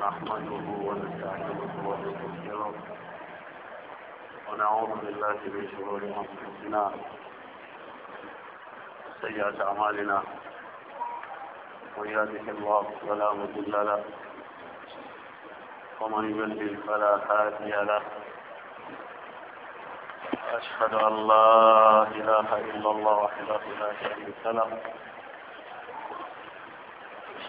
نحمده ونستعينه ونستغفره ونعوذ بالله من شرور انفسنا سيئات اعمالنا من الله فلا مضل له ومن يضلل فلا هادي له أشهد أن لا إله إلا الله وحده لا شريك له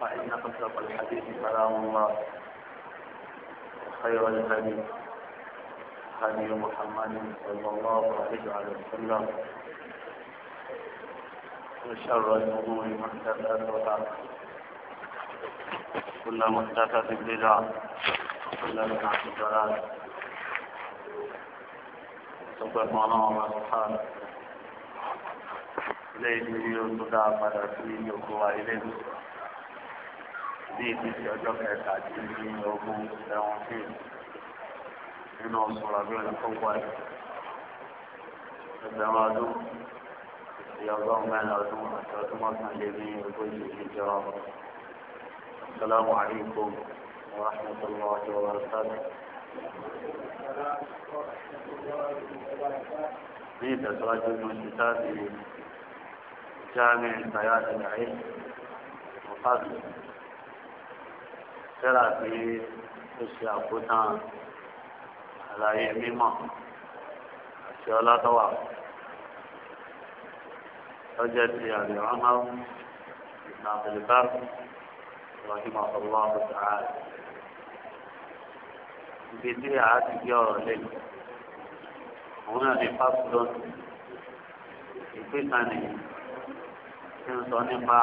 فإن أصدق الحديث كلام الله وخير الهدي هدي محمد صلى الله عليه وسلم وشر الأمور محدثاتها كل محدثة بدعة وكل بدعة ضلالة سبحان الله سبحانه إليه يرد دعاء على سبيل القوى إليه ní tí ọjọ́ kẹta ti ní ogún ẹ̀wọ̀n tí nínú oṣù rọ̀bìnrin tó wáyé ẹgbẹ̀rún ọdún ti ọgọ́rùn mẹ́rin ọdún àti ọdún mọ́kànlélẹ́ ní ogójì ìjọ Assalamu alaikum wa rahmatullahi Ní ìtẹ̀síwájú ní oṣù táàbì jáàmì ìgbàyà àti ìgbàyà, ọ̀pá sẹ́ra pé ó ṣe àkótán àlàyé mímọ́ àti ọlọ́tọ́wà lọ́jọ́ ti àlè ọmọ ìgbà àbẹ̀lẹ̀bá ìwàhímọ̀ ọlọ́ ọ̀tàrà ibi tí a ti gbé ọ̀rọ̀ lẹ́nu òun náà ní pásítọ̀n ìpínlẹ̀ nìyí tí ń sọ nípa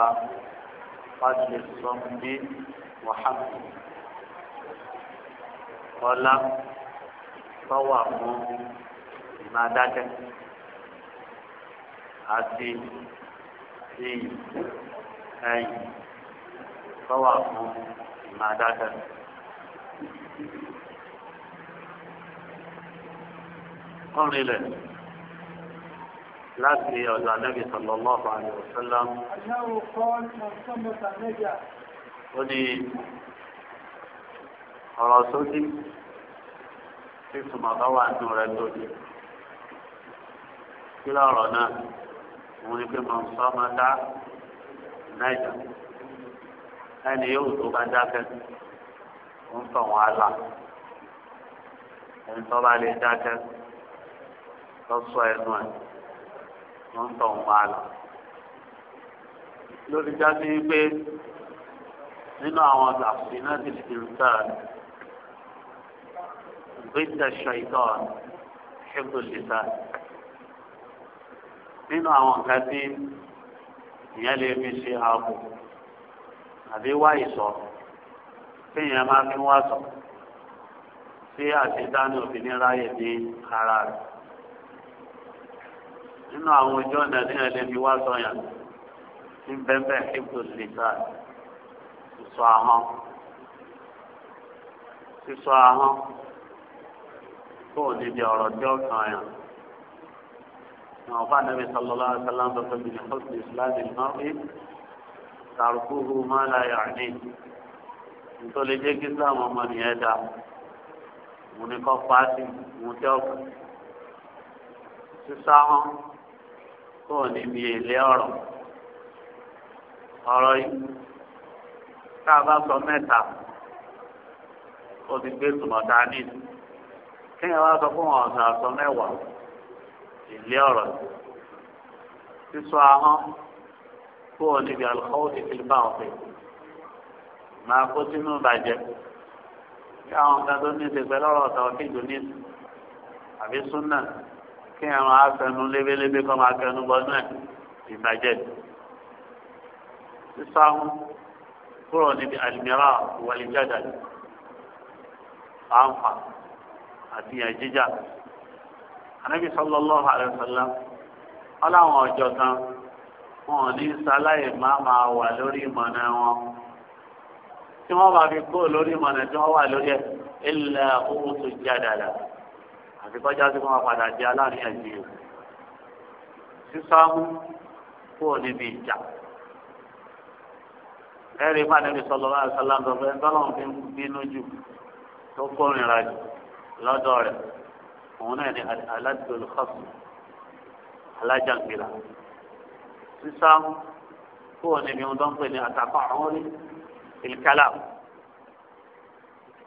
pásítọ̀n sọ́mùdé. Muhammad ọlá tọ́wà fún ìmọ̀ adájẹ́ àti iyì ẹ̀yìn tọ́wà fún ìmọ̀ adájẹ́. Ọ̀rìn ilẹ̀ láti ọ̀dọ̀ ànábì sallallahu alaihi wasallam. Àyẹ̀wò kọ́ ọ̀sán mọ́ta mẹ́jà ó ní ọ̀rọ̀ sódì tí tùmọ̀ bá wà nù rẹ̀ lónìí kí lọ́rọ̀ náà òun ni pé mọ̀ ń sọ́ máa dá náírà ẹni yóò tó bá dákẹ́ ń tọ̀ wọ́n á ẹni tó bá lè dákẹ́ tó sọ ẹnu ẹ̀ ń tọ̀ wọ́n á là lórí dájú pé nínú àwọn àfihàn náà ti fi nǹkan gbẹ́dà ṣàìtàn ṣẹ́gun lẹ́sà nínú àwọn nǹkan tí ìyẹn lè fi ṣe ààbò àbí wá ìsọ tí ìyẹn máa fi wá sọ sí àṣetánù òfin ráyè ní ara rẹ̀ nínú àwọn ojú ọ̀nà tí ìyẹn lè fi wá sọ yàn ní bẹ́ẹ̀ bẹ́ẹ̀ ṣẹ́gun lẹ́sà sísọ ahọ́n sísọ ahọ́n kó o níbi ọ̀rọ̀ jọ́ kan yàn. وقال النبي صلى الله عليه وسلم من حسن إسلام المرء تركه ما لا يعنيه nítorí lè jẹ́ kí islam ọmọ nìyẹn dá mo ní kọ́ pàṣẹ mo tẹ́ ọ̀pọ̀ sísá hàn kò ní bí èlé ọ̀rọ̀ ọ̀rọ̀ yìí tá a bá sọ mẹ́ta ó ti gbé tùmọ̀ dání kéèyàn wá sọ fún ọ̀sán àsọ mẹ́wàá ìlé ọ̀rọ̀ sísọ ahọ́n kó o níbi alùpàwọ́ ti fi bá ọ̀fẹ́ máa kó sínú ìbàjẹ́ kí àwọn kan tó ní ìsèpẹ́ lọ́rọ̀ ọ̀tọ̀ kíjù ní àbí súnà kéèyàn máa fẹnu lébélébé kọ́ máa fẹnu bọ́nú ẹ̀ ìbàjẹ́ sísọ ahọ́n kúrò níbi àlùmírà wàlíjàdà fàǹfà àti yàn jíjà anábì sallallahu alaihi wasallam ọláwọn ọjọ́ kan wọn ò ní sáláì má máa wà lórí ìmọ̀nà wọn tí wọ́n bá fi kó lórí ìmọ̀nà tí wọ́n wà lórí ẹ̀ ilẹ̀ owó tó já dàda àti kọjá tí wọ́n padà jẹ́ aláàrin ẹ̀jẹ̀ sísámú kúrò níbi ìjà ẹ̀rí pàdébí sọlọ́lá àṣàlá bẹ̀rẹ̀ tọ́lọ́run fi ń bínú jù tó kórìíra jù lọ́dọ̀ rẹ̀ òun náà ni aládùúgbòlùkọ́sù alájàngbìlà sísá kó o níbi ohun tó ń pè ní àtàkọ́ àwọn orí ìlkálà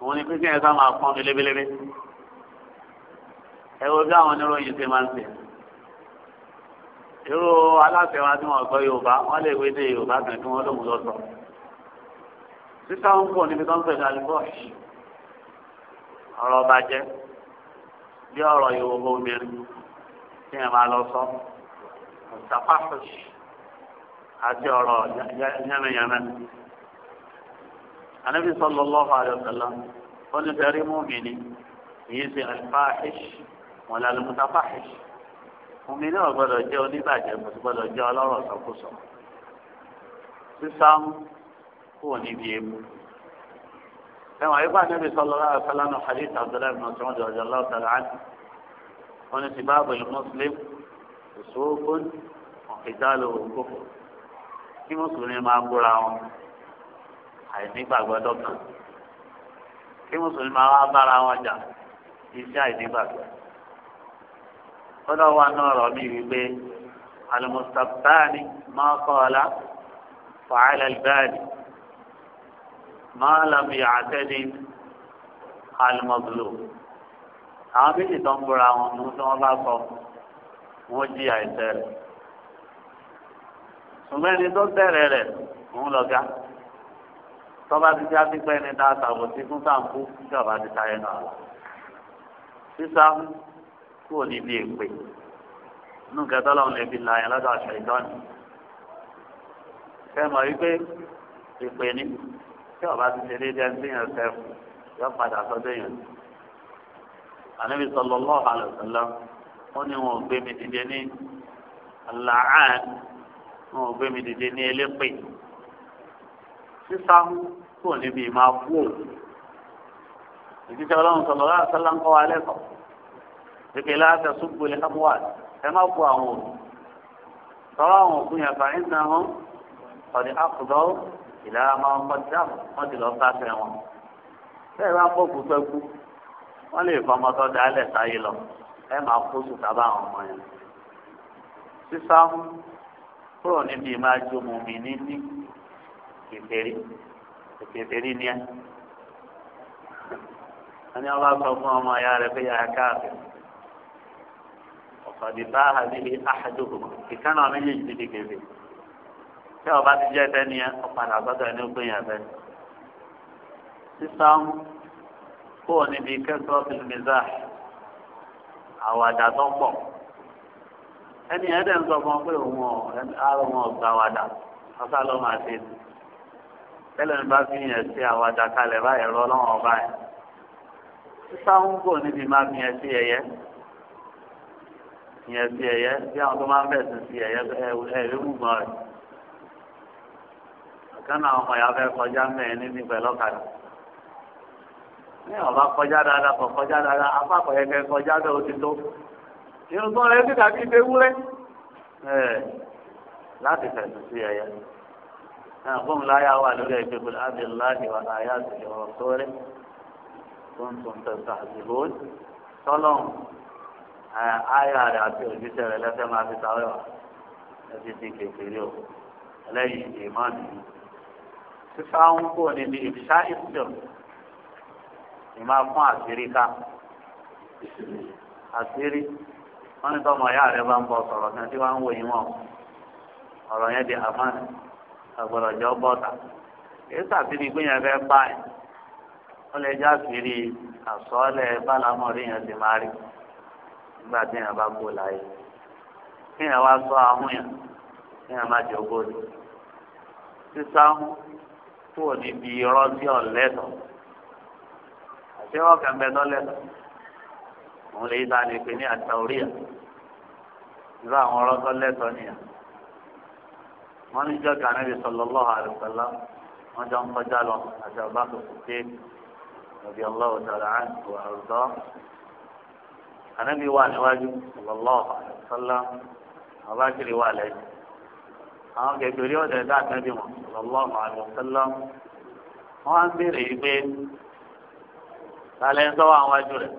òun ni pínpín ẹ̀ka máa pọ́n mi lébélébé ẹ wo bí àwọn oníròyìn ṣe máa ń ṣe irú aláṣẹ wa tí wọn gbọ́ Yorùbá wọn lè wé dé Yorùbá kan kí wọn lóun lọ sọ títà ń pọ̀ níbi tó ń pèsè àlùbọ́ọ̀ṣì ọ̀rọ̀ bàjẹ́ bí ọ̀rọ̀ ìwòho mẹ́rin tí yẹn máa lọ sọ ọ̀sàpáfọ̀ṣì àti ọ̀rọ̀ yẹ́mẹ̀yẹ́mẹ́. Ànábì sallallahu alaihi wasallam wọ́n ní fẹ́rí mùmíní èyí ṣe àlùfáàṣì wọn lálẹ́ mùtàfáàṣì. Mùmíní ò gbọ́dọ̀ jẹ́ oníbàjẹ́ kò sì gbọ́dọ̀ jẹ́ ọlọ́rọ̀ sọkúsọ. Sísámú kúrò níbi ewu. ẹ̀wọ̀n ayé pàṣẹ bí sọlọ lára sálámù hadith abdullahi bin ọ̀sán ọ̀dọ̀ ọ̀dọ̀ ọ̀dọ̀ ọ̀dọ̀ àti wọn ni sibabu muslim ìṣòwòkún ọ̀kìtàlù òkòkò kí mùsùlùmí máa búra wọn àìnígbàgbọ́ dọ́kàn kí mùsùlùmí máa wá bára wọn jà iṣẹ́ àìnígbàgbọ́ kọ́dọ̀ náà rọ̀ mí wípé alimusafaani máa kọ́ ọ̀la fàálẹ̀ báyìí máa làmì àtẹ́ni alimọ́bùlù àwọn méjì tó ń bora wọn ní tí wọ́n bá sọ wọ́n jí àìsẹ́ rẹ̀ ṣùgbọ́n ẹni tó bẹ̀rẹ̀ rẹ̀ òun lọ́gá tọ́ba ti já pípẹ́ ẹni tá a sàbò sí fún sàǹkú ìjọba ti ta ẹnu àlọ́ sísá kúrò níbi èpè inú kẹtọ́ lọ́run lè fi làyàn lọ́dọ̀ àṣà ìtọ́ni fẹ́ wípé èpè ni tí ọba ti ṣe déédéé ẹni tí yẹn fẹ́ yọ padà sọ́dọ̀ yẹn. ànábi sọlọ lọ́ọ̀hà lọ́sọ̀lọ́ ó ní wọn ò gbé mi dìde ní làán wọn ò gbé mi dìde ní elépè. sísá kò níbi máa kú ò. ìdíjẹ́ ọlọ́run sọlọ lọ́wọ́ sọlá ń kọ́ wa lẹ́kọ̀ọ́. ìpìlẹ̀ àti ṣùgbọ́n ilé kábọ̀ wà ẹ má kú àwọn òkú. tọ́lá àwọn òkú yẹn fà ìlà máa ń kọjá wọn ti lọ sáfẹ wọn bẹ́ẹ̀ bá kó kú pẹkú wọn lè fọ ọmọ tó da ẹlẹ sáyé lọ ẹ máa kó sùtà bá àwọn ọmọ yẹn sísá kúrò níbi máa jó mu mi ní ní kékeré kékeré ní ẹ wọn ni wọn bá sọ fún ọmọ ya rẹ pé ya káàfin ọ̀pọ̀ àdìbá àdìbí àhàdùkù ìkànnà méjèèjì ti di kékeré tí ọba ti jẹ́ ẹ̀fẹ́ nìyẹn ọ̀padà sọ́dọ̀ ẹni ó gbẹ̀yìn ẹ̀fẹ́. sísan kó o níbi kẹ́sọ́ fìlìmìzà àwàdà tó pọ̀ ẹni ẹ̀dẹ̀ ń sọ fún ọ pé òun ọ̀ ara òun ọ̀gbà àwàdà ọ̀sá ló máa ṣe tẹ́lẹ̀ ń bá fi yẹn sí àwàdà kalẹ̀ báyìí rọ́ lọ́wọ́ ọba yẹn. sísan kó o níbi máa fi yẹn sí ẹ̀yẹ yẹn sí ẹ̀yẹ bí àwọn tó máa ń bẹ̀ sí ẹ̀yẹ ẹ̀ ẹ̀ ẹ̀ kánà àwọn ọmọ yà fẹ́ kọjá mẹ́rin níbi pẹ̀lú ọ̀kadà ní ọba kọjá dáadáa kọ kọjá dáadáa apá kọ̀yẹ̀kẹ́ kọjá dáa ó ti tó irúgbọ́n rẹ ti dàbí ibi ewúrẹ́ láti fẹ̀sùn sí ẹ̀yẹ náà fún mi láyà wà lórí ẹgbẹ́ pẹ̀lú abdullahi wa láyà àti ọ̀rọ̀ tó rẹ̀ tó ń tún tẹ̀sán àti àyà rẹ̀ àti òjíṣẹ́ rẹ̀ lẹ́fẹ̀ẹ́ máa fi sáré wà ẹ ti di kékeré o ẹlẹ́yìn ìmáàmù yìí fífa ń kó níbi ìfisá ìfúdùn ìmọ̀ fún àṣírí ká àṣírí wọ́n ní tọ́mọ ìyá rẹ̀ bá ń bọ̀ sọ̀rọ̀ kan tí wọ́n ń wò yín wọ̀n ọ̀rọ̀ yẹn di àmọ́n àgbọ̀dọ̀ jọ bọ́ta èyí sàbíbi pé yẹn fẹ́ pa ẹ̀ ó lè já àṣírí àsọ́ọ́lẹ̀ bálámọ̀rí yẹn ti máa rí nígbà tí yẹn bá kó láyé kí yẹn wá sọ ahọ́n yẹn kí yẹn má jẹ́ ogójì sísáhùn kúrò níbi irọ́ tí ọ̀ lẹ́nu àti irọ́ kẹ̀mbẹ́ náà lẹ́nu òun lè ta ni pé ní àtàwóríyà irú àwọn ọ̀rọ̀ tó lẹ́tọ̀ nìyà wọ́n ní jọ́ kan níbi sallallahu alaihi wasallam wọ́n jọ ń kọjá lọ àti ọba tó kù dé nàbí ọlọ́wọ́ tààrà àǹtò àrùtọ́ ànábi wà níwájú sallallahu alaihi ọba kiri wà lẹ́yìn àwọn kẹfìrí ọ̀dẹ̀ dá àtẹ́bí wọn sallallahu alaihi wasallam wọ́n á ń béèrè yìí pé talẹ́ ń sọ́wọ́ àwọn ajú rẹ̀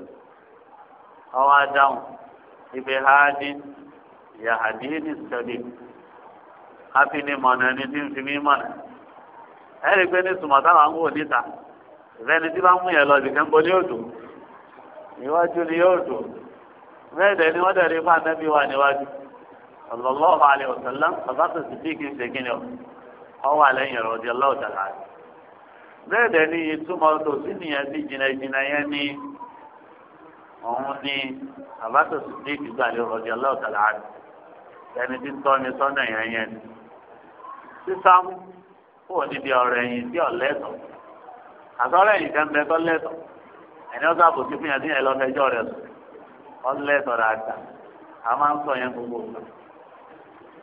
ọwọ́ adáhùn ibẹ̀ háàdín yàhàdí ní sẹ́bí hafi ni mọ̀nà ẹni tí ń fi mí mọ̀nà ẹ rí i pé ní sùmọ̀ táwọn ń wò níta ìfẹ́ni tí bá mú yẹn lọ ibì kan bọ́ ní òdò ìwájú ni yóò dò bẹ́ẹ̀ dẹ̀ ni wọ́n dẹ̀ rí fún anábì níwájú sallallahu alayhi wa sallam bàbá tó sì bí kí n ṣe kí ni ọ ọwọ́ alẹ́ yẹn rọ̀ di ọlọ́wọ́ dàgbà. bẹ́ẹ̀ dẹ̀ ni ìtumọ̀ tó sí nìyẹn sí jìnnà jìnnà yẹn ni òun ni bàbá tó sì bí kí gbàlẹ́ rọ̀ di ọlọ́wọ́ dàgbà. ẹni tí ń tọ́ ni sọ́nà yẹn yẹn ni. sísám kò ní bí ọ̀rọ̀ ẹ̀yìn tí ọ̀lẹ́tọ̀ àtọ́rọ̀ ẹ̀yìn kan bẹ tọ́lẹ́tọ̀ ẹni ọ̀sán àbòsí fún yẹn tí a máa ń sọ yẹn gbogbo nǹkan.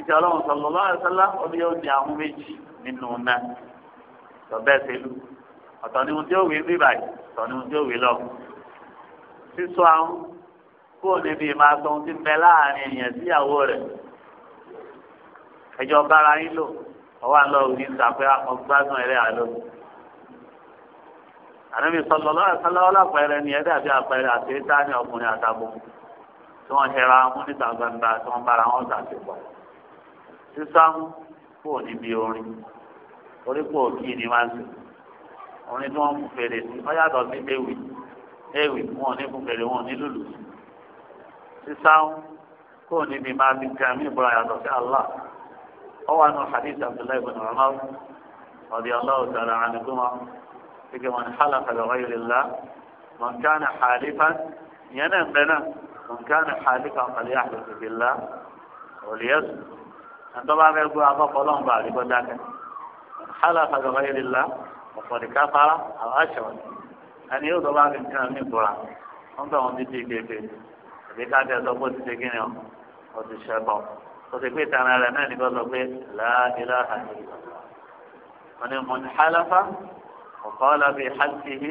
ìṣẹ́ ọlọ́run sọ̀rọ̀ lọ́wọ́ àṣálá ọdún yóò di àwọn méjì nínú náà lọ́bẹ̀ ṣẹlú ọ̀tọ̀ ni ohun tí ó wí bí báyìí ọ̀tọ̀ ni ohun tí ó wí lọ. sísọ àwọn kó o níbi máa sọ ohun tí ń bẹ láàrin èèyàn síyàwó rẹ̀ ẹjọ́ bára yín lò ọwọ́ àlọ́ òní ìsàpẹ́ ọgbádùn ẹ̀rẹ́ àlọ́. ànábì sọ̀rọ̀ lọ́wọ́ àṣálá ọlọ́pẹ̀rẹ̀ ni ẹ̀dá àbí àpẹẹrẹ àti ìtàn ọkùnrin àtàbọ̀ tí wọ́n ṣẹra wọn níta gbangba tí wọ́n bára wọn ṣàṣepọ̀ sísámú kò níbi orin orí kò kí ni máa ń sè orin tí wọ́n fún fèrè sí wọ́n yàtọ̀ sí ewì ewì wọn ò ní fún fèrè wọn ò ní lùlù sísámú kò níbi máa fi kí àmì ìbúra yàtọ̀ sí Allah ọwọ́ àná hadith abdullahi bin Umar radiyallahu ta'ala anhuma ike man halafa bi ghayri Allah man kana halifan yẹn náà bẹ́ẹ̀ náà man kana halifan fal yahlif billah wa liyasmut àtọ́ba fẹ́ gbọ́ akọ́kọ́ lọ́nba àdìgbò dákẹ́ hálà fàgbà yìí la ọ̀pọ̀lì káfárá àwọn aṣọ ẹni yóò tọ́ba fi nǹkan mi bùra wọ́n bẹ̀ wọ́n ti di kéèké èdè káàdì ẹ̀sọ́ bó ti ṣe kí ni ọ ti ṣẹ́ bọ̀ o ti pé tààrà rẹ̀ náà nígbà sọ pé láàdìlá àdìgbò wọn ni mọ̀n hálàfà ọ̀kọ́ làbí hàtìhì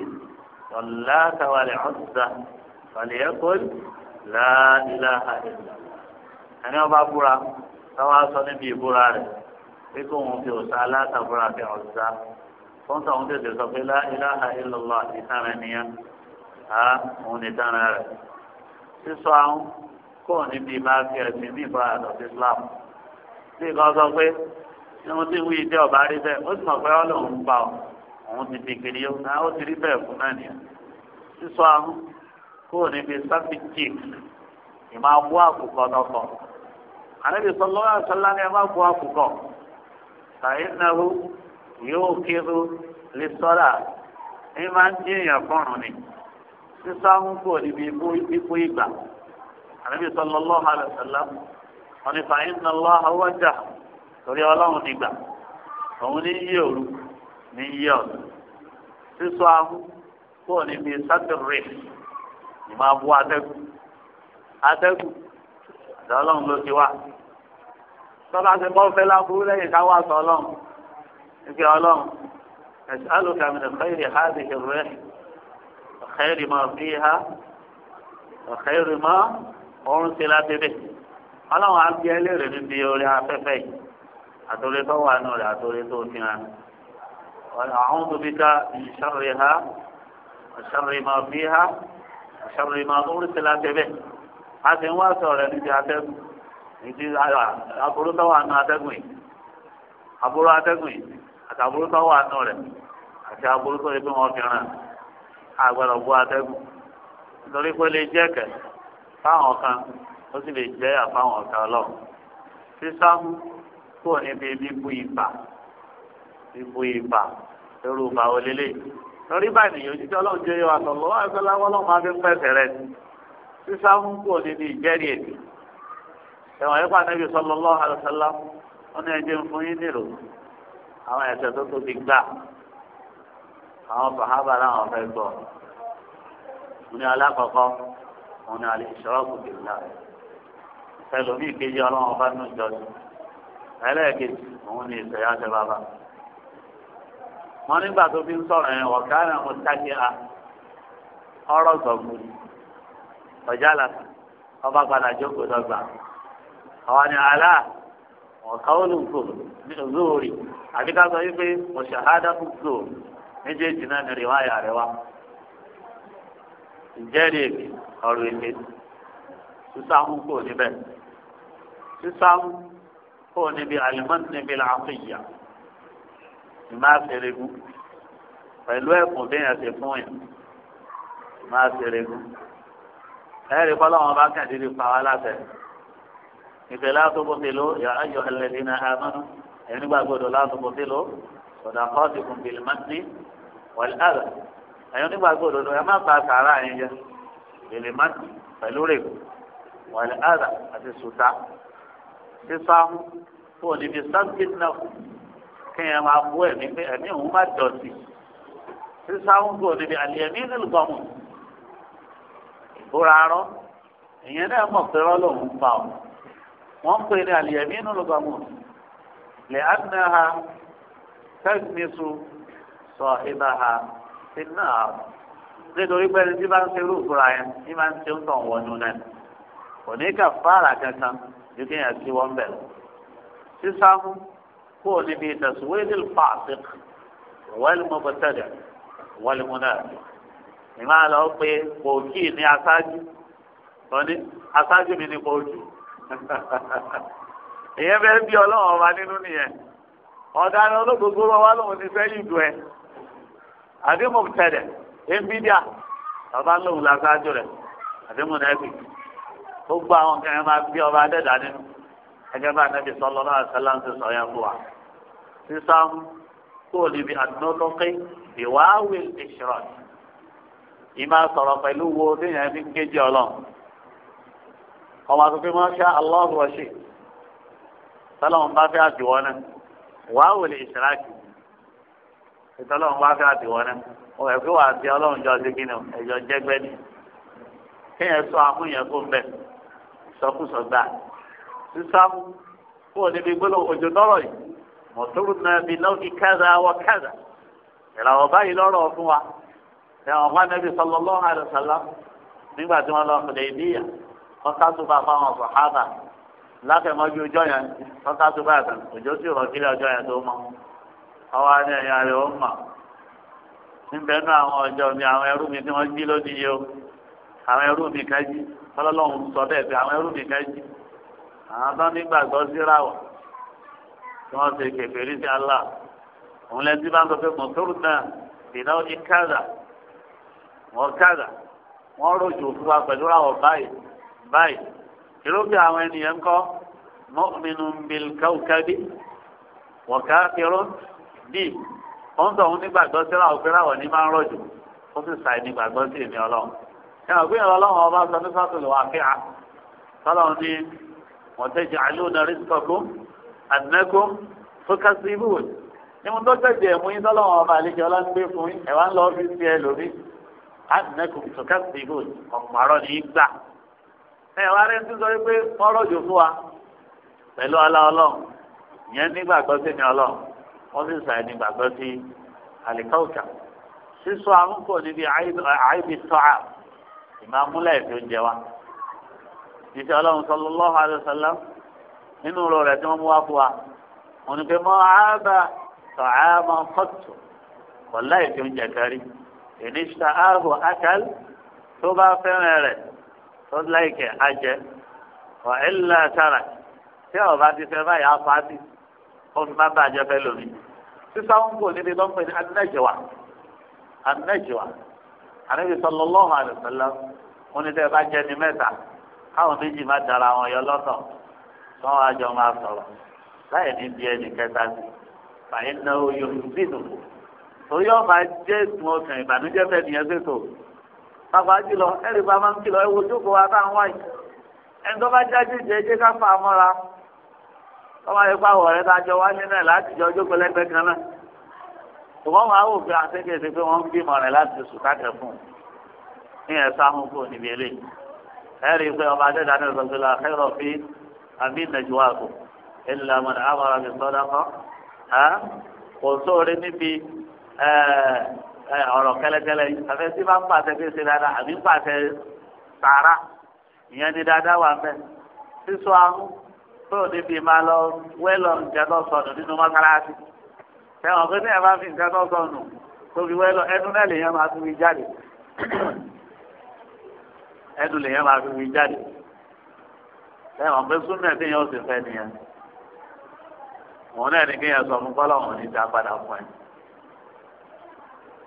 ọ̀làtàwálẹ̀ ọ̀dà fàlẹ́yẹ́kọ́l láàdìlá àdìgbò ẹni ọba búra táwọn aṣọ níbi ìbúra rẹ̀ pé kó wọn fi òòṣà alátàbúra fi hàn ṣá fún tàwọn tètè sọ pé lá ilaha illallah ìtara nìyẹn á òun ní dára rẹ̀ sísọ àwọn kó wọn níbi máa fi ẹ̀sìn ní ìbúra àtọ̀ sí Islam bí kan sọ pé irun tí wíì dé ọba rí bẹ́ẹ̀ ó sì mọ̀ pé ọlọ́run pa ọ òun ti fi kiri yóò náà ó ti rí bẹ́ẹ̀ fún náà nìyẹn sísọ àwọn kó wọn níbi sábì ìmọ̀ àbúrò àkùkọ àrẹ́bí sọlọ́ àṣọlá ni ẹ máa kó àkùkọ ṣàyẹ̀nàwó yóò kéwò lè sọ́ra ẹ máa ń dín èèyàn fọ́rùn ni sísá ń kó níbi ipò ìgbà àrẹ́bí sọlọ́ lọ́wọ́ àṣọlá wọn ni ṣàyẹ̀nàwó àwọ̀jà torí ọlọ́run nígbà òun ní yí òru ní yí ọ̀dọ̀ sísọ ahú kó níbi sátìrì ìmáa bu atẹ́gùn atẹ́gùn ọ̀dọ̀ ọlọ́run ló ti wá tọ́lá ti bọ́ fẹ́ láburú lẹ́yìn ká wá sọ ọlọ́run níbi ọlọ́run ẹ̀sìn alùpàá mi nìkan ìrì ha ti ṣe rẹ̀ ọ̀kẹ́ ìrì mọ́ bí ha ọ̀kẹ́ ìrì mọ́ ọ̀run ti la bébè ọlọ́run á bí ẹlẹ́rìí níbi orí afẹ́fẹ́ yìí àtòlé tó wà nù rẹ̀ àtòlé tó fi hàn àwọn tóbi ká ìṣàrè ha ìṣàrè mọ́ bí ha ìṣàrè mọ́ ọ̀run ti la bébè a sì ń wá sọ̀rọ̀ rẹ̀ níbi atẹ́gùn níbi aburú tó wà nù atẹ́gùn yìí aburú atẹ́gùn yìí àti aburú tó wà nù rẹ̀ àti aburú tó yẹ kí wọ́n fi ràn àgbàdo bu atẹ́gùn nítorí pé lè jẹ́ kẹ̀ fáwọn kan ó sì lè jẹ́ àfáwọn kan ọlọ́run sísáhùn kò níbi bíbu ibà bíbu ibà lórí ibà òlélẹ̀ lórí ibà nìyẹn òjijì ọlọ́run jẹ́ yọ àtọ̀lọ́wọ́ àgbẹ̀láwọ́ ọlọ́run máa fi ń pẹ̀sẹ̀ rẹ̀ ni sísáhùn kò ní ní ìjẹ́rìí èdè ẹ̀wọ̀n yìí pàdé bí sallallahu alaihi wasallam wọn ní ẹjẹ́ ń fún yín nílò àwọn ẹ̀sẹ̀ tó tóbi gbà àwọn sàhábà làwọn fẹ́ gbọ́ wọn ní alákọ̀ọ́kọ́ wọn ní al-ishraku billah ẹlòmíì kejì ọlọ́wọ́n bá nù jọ́sìn ẹlẹ́ẹ̀kejì òun ní ìṣẹ̀yà ṣe bàbá wọn nígbà tó fi ń sọ̀rọ̀ yẹn wọ̀ ọjàlá ọba padà jókòó dọ́gba àwọn ni àlá ọ̀káwọ́lù kò zóòrì àbí ká sọ wípé ọ̀ṣàhádà kò zóòrì méjèèjì náà ní rìwáyà rẹ wá ìjẹ́rìí èmi ọ̀rọ̀ èmi sísámú kò níbẹ̀ sísámú kò níbi alimọ́tì níbi làákìyà ìmá fèrègù pẹ̀lú ẹ̀kùn bẹ́ẹ̀ ṣe fún yẹn ìmá fèrègù ẹ̀rí kọ́lọ́wọ́n bá kàdírí pa wá láṣẹ. ìfẹ́ látọ̀bọ̀ tèló yà ayọ̀ ẹlẹ́dínà àmọ́nú ẹni gbàgbọ́dọ̀ látọ̀bọ̀ tèló ọ̀dà kọ́ọ̀tì kùn bìlì mọ́tì wàlúhàlà ẹ̀yọ́ nígbàgbọ́dọ̀ ẹ má gba sàárà yẹn jẹ bìlì mọ́tì pẹ̀lú rẹ̀ wàlúhàlà àti sùtà sísáhùn fún òdìbí sáńkìt náà kéèyàn máa bú ẹ̀mí pé ẹ̀mí òun má dọ̀tí sísáhùn fún òdìbí àlìyẹ̀mí ó ra arọ́ èèyàn náà mọ̀ pé rọ́ lòun pa ọ́ wọ́n pè ní àlìyẹ̀mí inú lọ́gbà mọ̀ lè ánàhà tẹ́sínísù sọ ìbáha iná nítorí pé ẹni tí bá ń ṣe irú ìfura yẹn ní máa ń ṣe ń tàn wọnú náà kò ní kà fáàrà kankan ju kí yẹn ti wọ́n bẹ̀rẹ̀ sísáfù kó o níbi ìtẹ̀síwéjì pàṣẹ wọ́n mọ̀ bọ́tẹ́lẹ̀ wọ́n mọ̀ náà ìmá lọ pé kò kí ní aṣáájú òní aṣáájú mi ni kò jù ìyẹn fẹ́ bí ọlọ́run ọba nínú nìyẹn ọ̀daràn olóògbé wọn wá lóun ti fẹ́ yìdù ẹ àdéhùn tẹ̀lẹ̀ ẹ̀ńbídíà ọba lóun la ṣáájú rẹ̀ àdéhùn nẹ́ẹ̀bì gbogbo àwọn kẹrin máa bí ọba adẹ́dà nínú ẹgbẹ́ bá nẹ́bí sọ́lọ́ náà sẹ́lá ń ti sọ yẹn fún wa sísáàmù kó o níbi àdúnnọ́tọ́kẹ́ ìwáwé ìṣirọ́ọ̀tì ìmá sọ̀rọ̀ pẹ̀lú wo téèyàn fi ń kéjì ọlọ́run ọmọ àtúntò máa ń ṣá aláwọ̀ ọ̀ṣẹ́ tọ́lọ́run bá fẹ́ àdìwọ́ náà wàá wò lè ṣàlàkì tọ́lọ́run bá fẹ́ àdìwọ́ náà òun ẹ̀fí wà á di ọlọ́run jọ sí kíni ẹ̀yọ jẹ́gbẹ́ ni kéèyàn sọ àmúyẹn kó ń bẹ̀ sọkúsọ gbà sísámú kó o níbi gbólóhùn òjò tọrọ yìí mọ̀tòrò náà bí lọ́ọ̀kì kẹ́zà wọ kẹ́zà ìràwọ̀ báyìí lọ́rọ̀ fún wa ẹ̀wọ̀n wá nẹ́bí sallallahu alaihi wasallam nígbà tí wọ́n lọ fìlẹ̀ ìdíyà wọ́n ká tó bá fáwọn sọ̀hábà látẹ̀mọ́jú ọjọ́ yẹn wọ́n ká tó bá yàtọ̀ òjò sì rọ̀ sílẹ̀ ọjọ́ yẹn tó mọ́ ọwọ́ ní ẹ̀yà rẹ̀ ó mọ̀ níbẹ̀ náà àwọn ọjọ́ mi àwọn ẹrú mi tí wọ́n jí lónìí yìí o àwọn ẹrú mi kan jí ọlọ́lọ́hún sọ bẹ́ẹ̀ pé àwọn ẹrú mi kan jí àwọn tó nígbàgbọ́ síráwọ̀ tí wọ́n ṣe kẹfẹ́ sí Allah òun lẹ́ni wọ́n kàdà wọ́n rojò fún wa pẹ̀lú àwọn báyìí báyìí ìrúbí àwọn ènìyàn ń kọ́ mọ́mìnú bilkaukabi wọ̀ká irú bí wọ́n tọ̀ ń nígbàgbọ́ sí ra òfin ráwọ̀ ní máa ń rọ̀jò ó sì ṣàì nígbàgbọ́ sí èmi ọlọ́run ẹ hàn pé ọlọ́run ọba sọ ní sọ́tùlù wà fíà tọ́lọ́run ní wọ́n tẹ́ jẹ́ àlóòna rìsíkọ̀kú àdínẹ́kú fúkásí ibùwò ní mo tọ́jú ẹ̀jẹ̀ mú yín tọ́lọ́run ọba àlejò ọlá ń gbé fún yín ẹ̀wá ń lọ fi ẹ lórí anakum tukazibun ọ̀pọ̀rọ̀ ní gbà. ẹ wá rẹ ń sọ pé ọ̀rọ̀ jò fún wa pẹ̀lú ọlá ọlọ́run ìyẹn nígbàgbọ́ sí ni ọlọ́run sì sí sísọ níbi àìbí tọ́à ìmàmúlẹ̀ oúnjẹ wa. nínú tí mú wá fún wa. ni pé àbá tọ́à máa ń kọ́tù láì ìdíṣà ààbò akal tó bá fẹ́ràn rẹ̀ tó láìkẹ́ ajẹ́ wà ilà tara tí ọba ti fẹ́ báyìí apáti òun bá bàjẹ́ fẹ́ lómi sísá ń kò níbi lọ́pọ̀ ní anájẹwà anájẹwà àníbi sallallahu alaihi wasallam wọn ní tẹ́ bá jẹ́ ní mẹ́ta káwọn méjì má dara wọn yọ lọ́tọ̀ tí wọ́n á jọ máa sọ̀rọ̀ láì ní bí ẹnì kẹta sí fàyín náà yóò bí nùkú torí ọba jẹ́ ìsìn ọkàn ìbànújẹ́ fẹ́ nìyẹn ṣètò pàápàá jùlọ ẹ̀rí bá máa ń kìlọ̀ ẹ̀wọ̀ ojókòó wa tá à ń wáyé ẹni tó bá jáde jẹ́ ẹjẹ́ ká fà á mọ́ra ọmọ yẹn pa àwọ̀ rẹ̀ tá a jọ wá nínú ẹ̀ láti jọ ojókòó lẹ́gbẹ́ kan náà ṣùgbọ́n wọn á wò pé àtẹ́kẹ̀sẹ̀ pé wọ́n ń bímọ rẹ̀ láti sùn káàkiri fún un ní ẹ̀sán mú kó níbi eléyìí ẹ̀rí pé ọba adéda ní ìsọ̀tìlá ẹ̀rọ fi àmì ìnàjúwàkù ìlànà àwọn ará mi ọ̀rọ̀ kẹlẹkẹlẹ àfẹ tí máa ń pàṣẹ kí ṣe dáadáa àbí ń pàṣẹ sàárà ìyẹn ní dáadáa wà mẹ sísọ ahọ́n tó níbi máa lọ wẹ́lọ̀ nǹkan tó sọnù nínú mọ́sálásí ẹ̀wọ̀n pé bẹ́ẹ̀ máa fi nǹkan tó sọnù ẹnu náà máa fi wí jáde ẹnu máa fi wí jáde pé ó sì nìyẹn òun náà ní kéèyàn sọ fún kọ́lọ̀ òun ní padà fún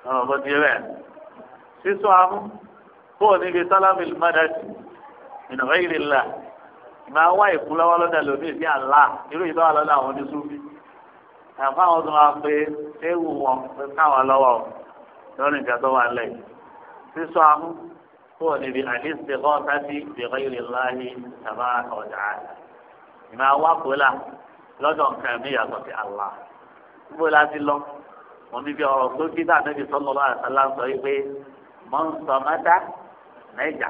ọ̀rọ̀ bó ti rẹ̀ sísọ ahọ́n kó o níbi sálámì mọ́dàtì ìnáwó ìrìnlá máa wá ìkúlọ́wọ́ lọ́dà lómi sí àlá irú ìdọ́wà lọ́dà àwọn oníṣúbí àfa àwọn tó máa pe ewu wọn pé káwọn lọ́wọ́ lọ́rùn ìjà tó wà lẹ́yìn sísọ ahọ́n kó o níbi àdìsí kọ́ sáti ìbẹ̀rẹ̀ ìrìnlá yìí tàbá ọ̀dà ìmáa wá kólà lọ́dọ̀ nǹkan mi yàtọ̀ sí àlá gbogbo láti lọ wọn níbi ọ̀rọ̀ tó kí tá àtẹbí sọlọ lọ àtàlà sọ yìí pé mọ ń sọ mẹ́ta mẹ́jà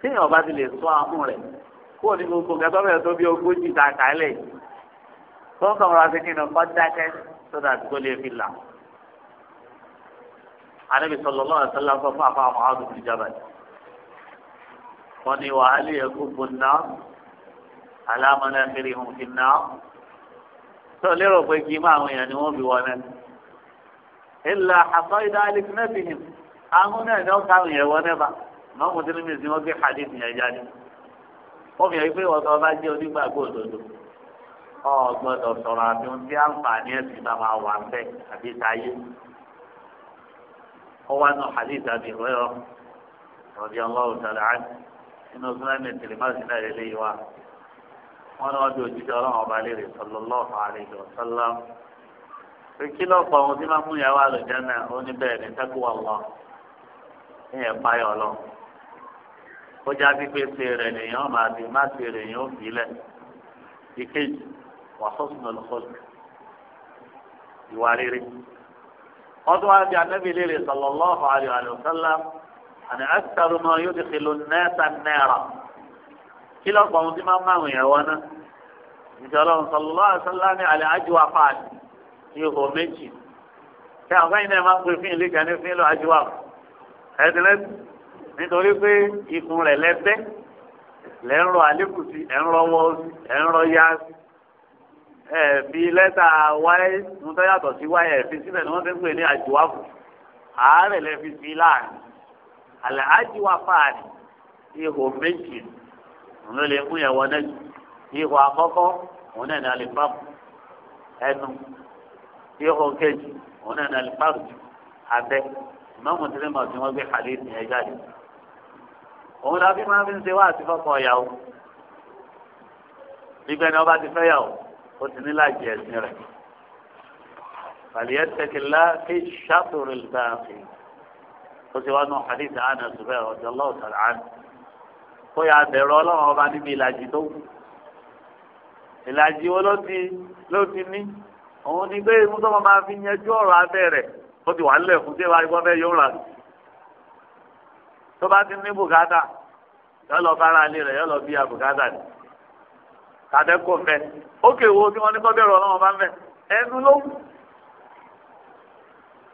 tíyẹn ọba ti lè sọ ahọ́n rẹ̀ kó ní gbogbo kẹtọ bẹ́ẹ̀ tó bí ogójì tá a tó ń sọ̀rọ̀ àti nínú kọ dákẹ́ tó dà tó lè fi là àtẹbí sọlọ lọ àtàlà sọ fún àfọ àwọn àdùn ìjọba wọn ni wàhálì ẹkú gbóná alámọ̀nà ilà àtọ́ ìdá alẹ́kùnrin àwọn náà ní ọ̀sán àwọn yẹn wọ́n nẹ́ba náà mo ti ní mísìn wọ́n gbé hadith yẹn jáde wọ́n fi hàn pé wọ́n sọ bá jẹ́ onígbàgbọ́ òdodo ọ̀gbọ́dọ̀ sọ̀rọ̀ àti ohun tí àǹfààní ẹ̀sìn bá máa wà ńbẹ́ àbí táyé ọwọ́ náà hadith àbí ìrọ̀rọ̀ rọ̀bì ọlọ́run tàlẹ́ àá nínú súnámì tìrìmọ́sì náà lè léyìí wá wọ́n náà wọ́n di òjijì ọlọ́run ọba lè kí ló pọ̀ ohun tí máa mú ìyàwó àlùjáná ó ní bẹ́ẹ̀ ní tẹ́kù wà lọ ìyẹn páyọ̀ lọ ó já sí pé ṣe rẹ̀ nìyẹn máa di má ṣe rẹ̀ yẹn ó fi lẹ̀ ìkejì wà sọ́sùn olùkọ́sù ìwà rere wọ́n tún bí anábì léèrè sallallahu alaihi wa sallam àní akitaru náà yóò ti fi lu nẹ́ẹ̀ta náírà kí ló ohun tí máa mú àwọn ìyàwó náà ìjọba ihò méjì ṣé àwọn ẹ̀yin náà máa ń pè fún ilé kan ní fún ilé àjùwà ẹ̀dínlẹ́ nítorí pé ikùn rẹ̀ lẹ́tẹ́ lẹ́ ń rọ àlékùsí ẹ̀ ń rọ wọ́ọ̀sì ẹ̀ ń rọ yáàsì ẹ̀ fi lẹ́tà wáyé ń tọ́ yàtọ̀ sí wáyé ẹ̀ fi síbẹ̀ ni wọ́n ti ń pè ní àjùwà fún àárẹ̀ lẹ́ fi sí láàrin àlẹ́ àjùwà fáàrí ihò méjì ló lè mú yẹn wọlé ihò àkọ́kọ́ òun náà ní alẹ́ fáàmù ẹnu ihò kejì òun náà nàlẹ fáàrù abẹ ìmọ̀mù tí lèmọ̀ tí wọ́n gbé khalid ní ẹja yìí òun làbí máa fi ń ṣe wá àti fọkàn ọ̀yàwó gbígbẹ́ ni ọba ti fẹ́ yàwó ó ti ní láàjì ẹ̀sìn rẹ̀ fàlìyẹ́ tẹ̀kìlá kí sàtòrò ìgbà fi ó ti wá nù khalid àná ṣùgbọ́n ọ̀jọ̀ lọ́wọ́ sọ̀rọ̀ àná kó yà bẹ̀rù ọlọ́run ọba níbi ìlàjì tó ìlàjì wo ló ti ló ti ní òun ni pé ikú tó máa fi yanjú ọ̀rọ̀ abẹ́ rẹ̀ ó ti wà nílẹ̀ fún tí wàá gbọ́ fẹ́ yóò rà tó bá ti ní bùkátà yọ lọ bára ilé rẹ̀ yọ lọ bí abùkátà ni kàdẹ́kọ̀ fẹ́ ó kéwò tí wọ́n ní kọ́ bẹ̀rù ọlọ́wọ́n bá ń fẹ́ ẹnu ló wù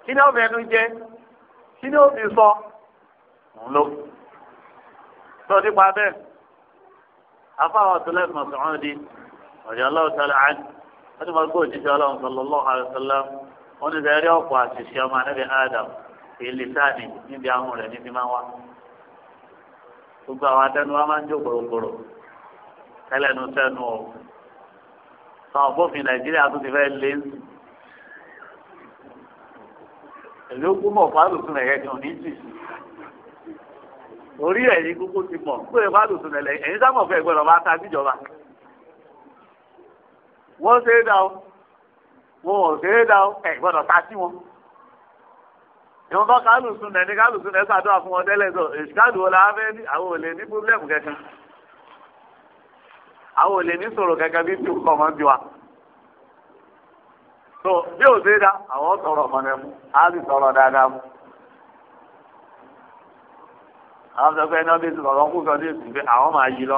kí ni ó fẹ́ jẹ kí ni ó sọ òun ló sọ nípa bẹ́ẹ̀ afáwọn tó lẹ́sìn ọ̀sán ọ̀hún di ọ̀yọ́ ọlọ́ọ̀tọ́lá ánì wọ́n ti máa gbé òjíṣẹ́ ọlọ́run sallallahu alaihi wasallam wọ́n ti sẹ́rí ọ̀pọ̀ àṣìṣe ọmọ anábì Adam èlé sáàni níbi àwọn rẹ̀ níbi máa wá. gbogbo àwọn atẹnu wa máa ń jó gbòrògbòrò tẹ́lẹ̀nu tẹ́nu o. sọ̀rọ̀ bófin nàìjíríà tó ti fẹ́ lé ń sùn. èlé ó kú mọ̀ fálùsùn rẹ̀ kẹ́kẹ́ òní jì sí. orí ẹ̀yìn kúkú ti mọ̀ pé fálùsùn rẹ̀ wọ́n ṣe é dá o wọn ò ṣe é dá o ẹ̀ gbọ́dọ̀ ta sí wọn. ìwọ̀n bá kálùsùn nẹ̀ ní kálùsùn nẹ̀ ṣàdúrà fún wọn tẹ́lẹ̀ sọ ìṣíkàdù wọn làá fẹ́ ní àwọn ò ní pírọ́blẹ́mù kankan àwọn ò ní sọ̀rọ̀ kankan bí tí o kọ̀ mọ́ bí wa. tó bí ò ṣe é dá àwọn sọ̀rọ̀ mọ̀nẹ́ mu á sì sọ̀rọ̀ dáadáa mu. àwọn sọ pé ẹni ọ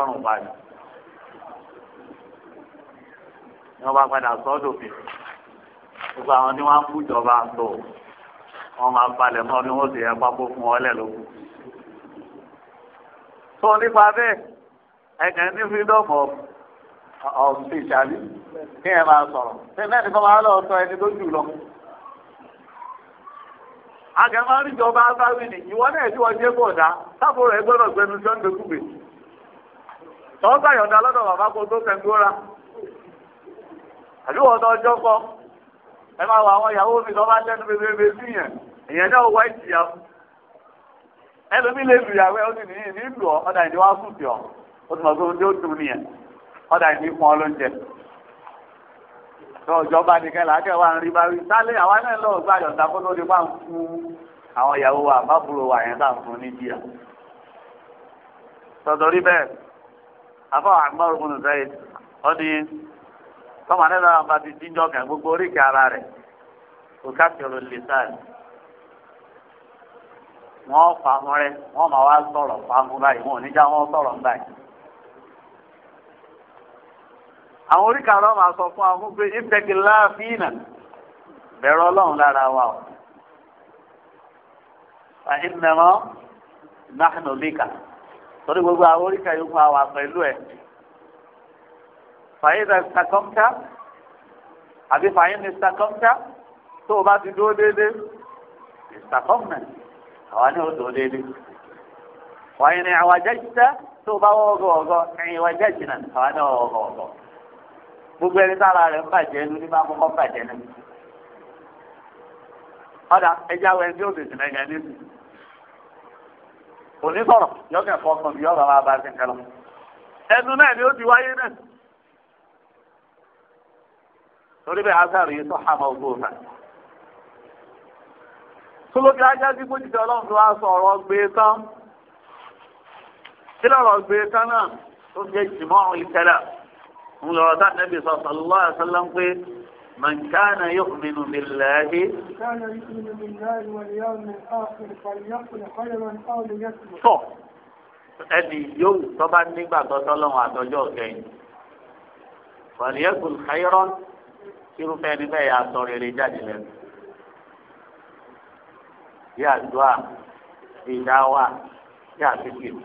ni wọ́n bá padà sọ́dọ̀ fi gbogbo àwọn tí wọ́n ń kú ìjọba tó wọ́n máa palẹ̀ mọ́ ni wọ́n sì yẹ pápó fún ọ lẹ́lọ́kù. tó nípa bẹ́ẹ̀ ẹ̀kẹ́ ní freedom of of speech àbí kí ẹ máa sọ̀rọ̀ ṣé mẹ́rin kan máa lọ sọ ẹni tó jù lọ. àgẹ̀mọ́ níjọba bá wí ni ìwọ náà tí wọ́n jẹ́ bọ̀ dá sábò rẹ̀ gbọ́dọ̀ gbẹnu sí ọ̀ǹdẹ̀kùgbè. tọ́ àbí wọ́n ọjọ́ kọ́ ẹ máa wọ àwọn ìyàwó mi lọ́ba tẹ́nu bèbè sí yẹn ìyẹn náà wá ìjìyà fún ẹlòmí lè lu ìyàwó ẹ ó sì nìyí nílùú ọ̀dà ìdí wá sùn sí ọ ó sì mọ̀ pé ó dùn nìyẹn ọ̀dà ìdí fún ọ lóúnjẹ lọ ìjọba nìkan làákẹ́ wa ń rí bá rí sálẹ̀ àwa náà lọ gba àjọ̀dá kó tó di bá fún àwọn ìyàwó wa àbábúrò wa yẹn tá ń fún ní bíà. tọ̀tọ̀rí bẹ́ẹ̀ afọ àgbọ̀rùn-ún tọ́mọ anẹ́sà máa bá ti jíjọ́ kan gbogbo oríkì ara rẹ̀ kò káfíọ̀rọ̀ lè sáàlì wọ́n fàámu rẹ̀ wọ́n máa wá sọ̀rọ̀ fàámu báyìí wọn ò ní já wọn sọ̀rọ̀ báyìí. àwọn oríkì ara máa sọ fún àwọn pé ìtẹ̀kì láàfínà bẹ̀rù ọlọ́run lára wa o. àìmọ̀ náà nàánú líkà torí gbogbo àwọn oríkì yòókù àwà pẹ̀lú ẹ̀ fàyínà ìsàkọ́mtà àbí fàyínà ìsàkọ́mtà tó o bá ti dúró déédéé ìsàkọ́mtà àwa ní o dúró déédéé fàyínà ìwàjẹ́jìtà tó o bá wọ́ ọgọ́ ọgọ́ ìwàjẹ́jìnà àwa ní ọgọ́ ọgọ́ gbogbo ẹni tára rẹ̀ ń bàjẹ́ ní ní máa kọ́kọ́ bàjẹ́ ní. ọ̀dà ẹja wẹ̀ ní òde ìsìn ẹ̀gẹ́ ní ìsìn. òní sọ̀rọ̀ yọ̀kẹ̀ fọkàn bí ọ̀rọ̀ máa bá ẹnu náà ni ó ti wáyé náà torí bẹ́ẹ̀ azar yìí sọ hàmà ogun ọ̀fà. Sọlọ́kì ajá sí gbójútì ọlọ́run tó wá sọ ọ̀rọ̀ gbé tán. Kí lọ́rọ̀ gbé tán náà tó fi jìmọ́ ọ̀hún ìtẹ́lẹ̀? Ń lọ́rọ̀ tá nẹ́bí sọ sallallahu alaihi wasallam pé من كان يؤمن بالله كان يؤمن Tọ́ ẹni yóò tọ́ bá nígbàgbọ́ tọ́lọ́run àtọ́jọ́ kẹ́yìn. فليقل خيرا irúfẹ́ ẹni bẹ́ẹ̀ yà sọ rere jáde lẹ́nu bí àdúrà bí ìdáwà bí àfikìrì